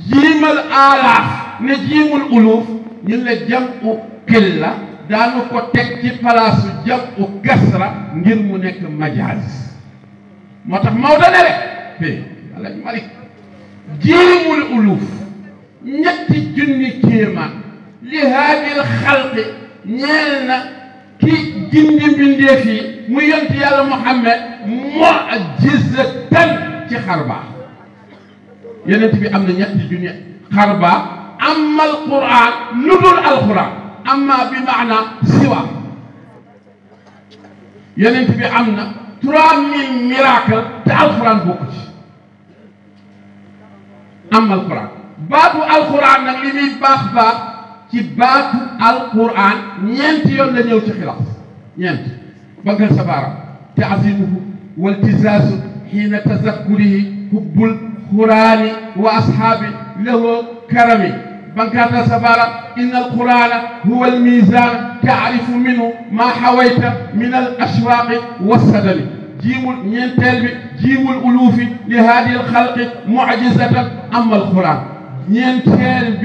jiimal alaaf ne jiimul uluf ñu la jam u killa daanu ko teg ci palaasu jabu gasra ngir mu nekk majaas moo tax Maodo ne rek fii alaaj Malik jéemul uluf ñetti junni kéemaan li haabil xalqi ñeel na ki gindi mbindeef yi mu yont yàlla Muhammad moo ak jizatan ci xarbaax yenent bi am na ñetti junni xarbaax amal quraan lu dul alquran أما بمعنى سوى يلنت بي أمنا 3000 ميراكل تا القران بوكوتي أما القران باب القران نك باب باب باخ القران نينت يون لا نيو تي خلاص نينت بغل سبارا تعظيمه والتزاز حين تذكره حب القران واصحابه له كرمي من كان صبارا إن القرآن هو الميزان تعرف منه ما حويت من الأشواق والسدل جيم نينتل جيم الألوف لهذه الخلق معجزة أما القرآن نينتل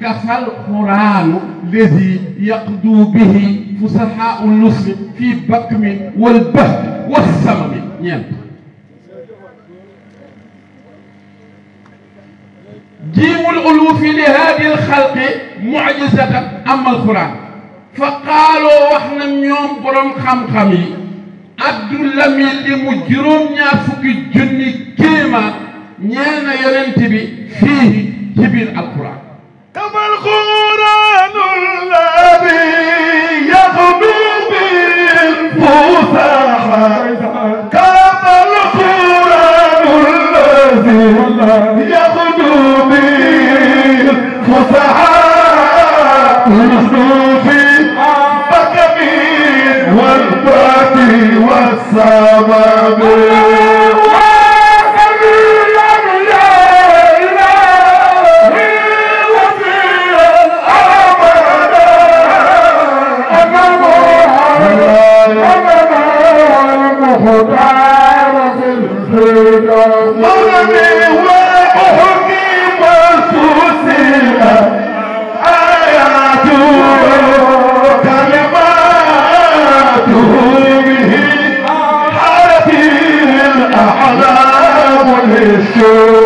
كفى القرآن الذي يقدو به فصحاء النصر في بكم والبهد والسمم نينتل جيم الألوف لهذه الخلق معجزة أما القرآن فقالوا وحنا يوم برم خم خمي عبد الله مجروم يا نافك جني كيما نيانا يرنتبي فيه جبل القرآن كما القرآن الذي يقضي بالفتاح كما القرآن الذي يقضي Amén. to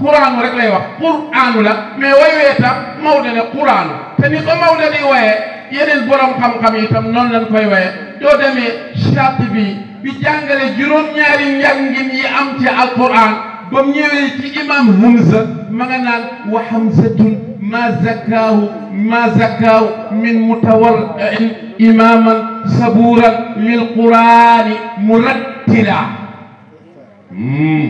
quraanu rek lay wax quraanu la mais way wee tax Maodo ne quraanu te ni ko Maodo di waye yeneen borom xam-xam yi itam noonu lañ koy waye doo demee charte bi bi jàngale juróom-ñaari njàngin yi am ci alquran ba mu ñëwee ci imam Hamza ma nga naan wa hamzatun ma zakkaahu ma zakkaahu min mutawarrin imaman saburan lil qurani murattila hmm.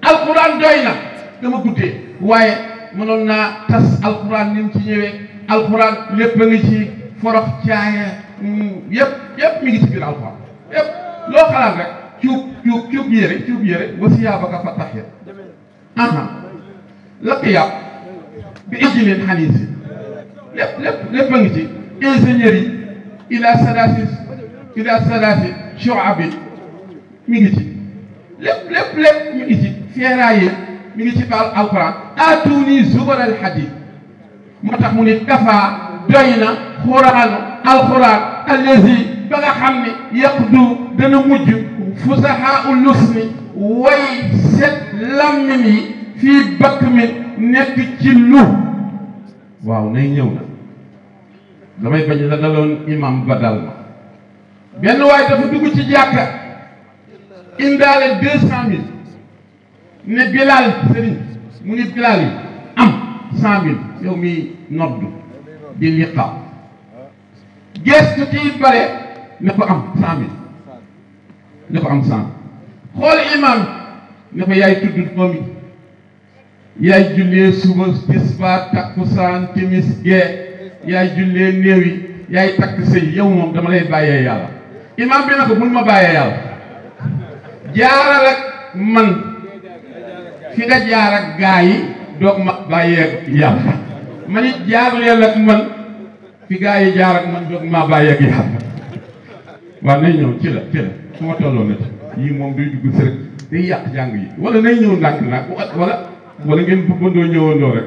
alquran doy na dama guddee waaye mënoon naa tas alxuraan ni ci ñëwee alxuraan lépp a ngi ci forox caaya mm, yëpp yëpp mi ngi ci biir alxuraan yëpp loo xalaat rek cuub cuub cuub yére cuub fa tax ya bi injilin xaniis yi lépp ngi ci ingénieur ila sadasi ila sadasi shoabi mi ngi ci lépp lépp ngi ci feeraay yi mi ngi ci kaw alquran atuni zubaral hadid moo tax mu ne kafaa doy na xuraanu alquran allazi ba nga xam ne yaqdu dana mujj fusahaa u lusmi way set lammin yi fii bakk mi nekk ci lu waaw nay ñëw na damay bañ la daloon imam ba dal ma benn waaye dafa dugg ci jàkka indaale deux cent mille ne Bilal sëriñ mu ne Bilal yi am cent mille yow mi noddu di liqa gestu kii bare ne ko am cent mille ne ko am cent xool imam ne ko yaay tudd famille yaay jullee suba tisbaar takkusaan timis gee yaay jullee néew yi yaay takk sëy yow moom dama lay bàyyee yàlla imam bi na ko bul ma bàyyee yàlla jaaral ak man fi nga jaar ak gaay yi ma baye ak yam ma ni jaarul yàlla ak man fi gaay jaar ak man ma baye ak yam wa nay ñew ci la ci la su ma tolloo na ci yii moom duy dugg si di yaq jang yi wala nay ñew nak nak wala wala ngeen bu bondo ñew ndo rek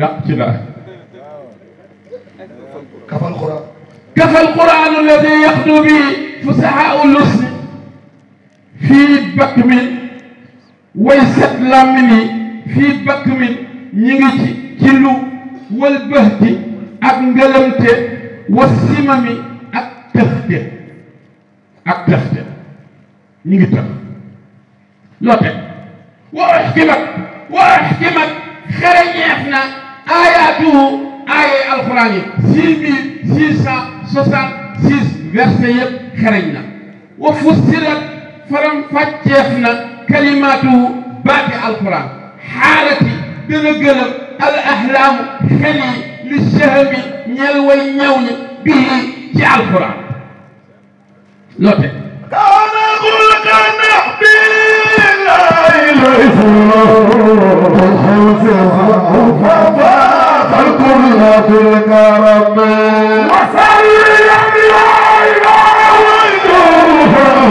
yàq ci la kafal qur'an kafal qur'an alladhi yaxdu bi fusaha'ul ulus fi bakk way set làmmiñ yi fii bakk mi ñi ngi ci ci lu wal bëx di ak ngëlëmte wa simami ak tëfte ak tëfte ñi ngi tëf loo teg wa axkimat wa axkimat xereñeef na aayaatuhu aaye alxuraan yi six mille six cent soixante six verset yëpp xereñ na wa fussirat faram fàcceef na كلمات باتي القرآن حالتي بنقلب الأحلام خلي للسهم نلوي نوي به جاء القرآن نوتي كان ان احبي لا إله الا الله ففاق القرآن تلك ربي وسلم يا إله وإله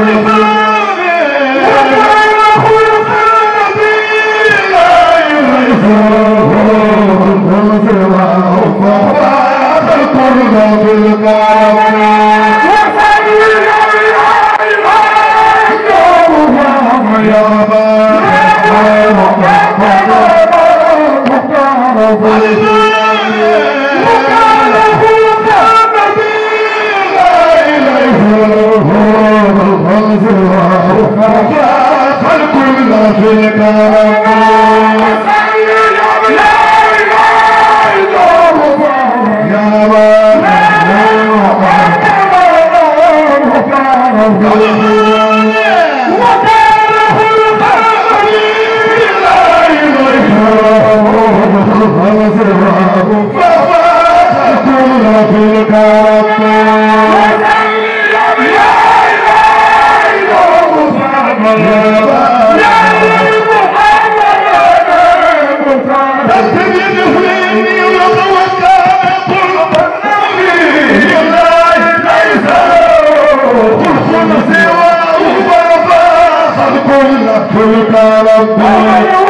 Come on. Africa, oh, Africa.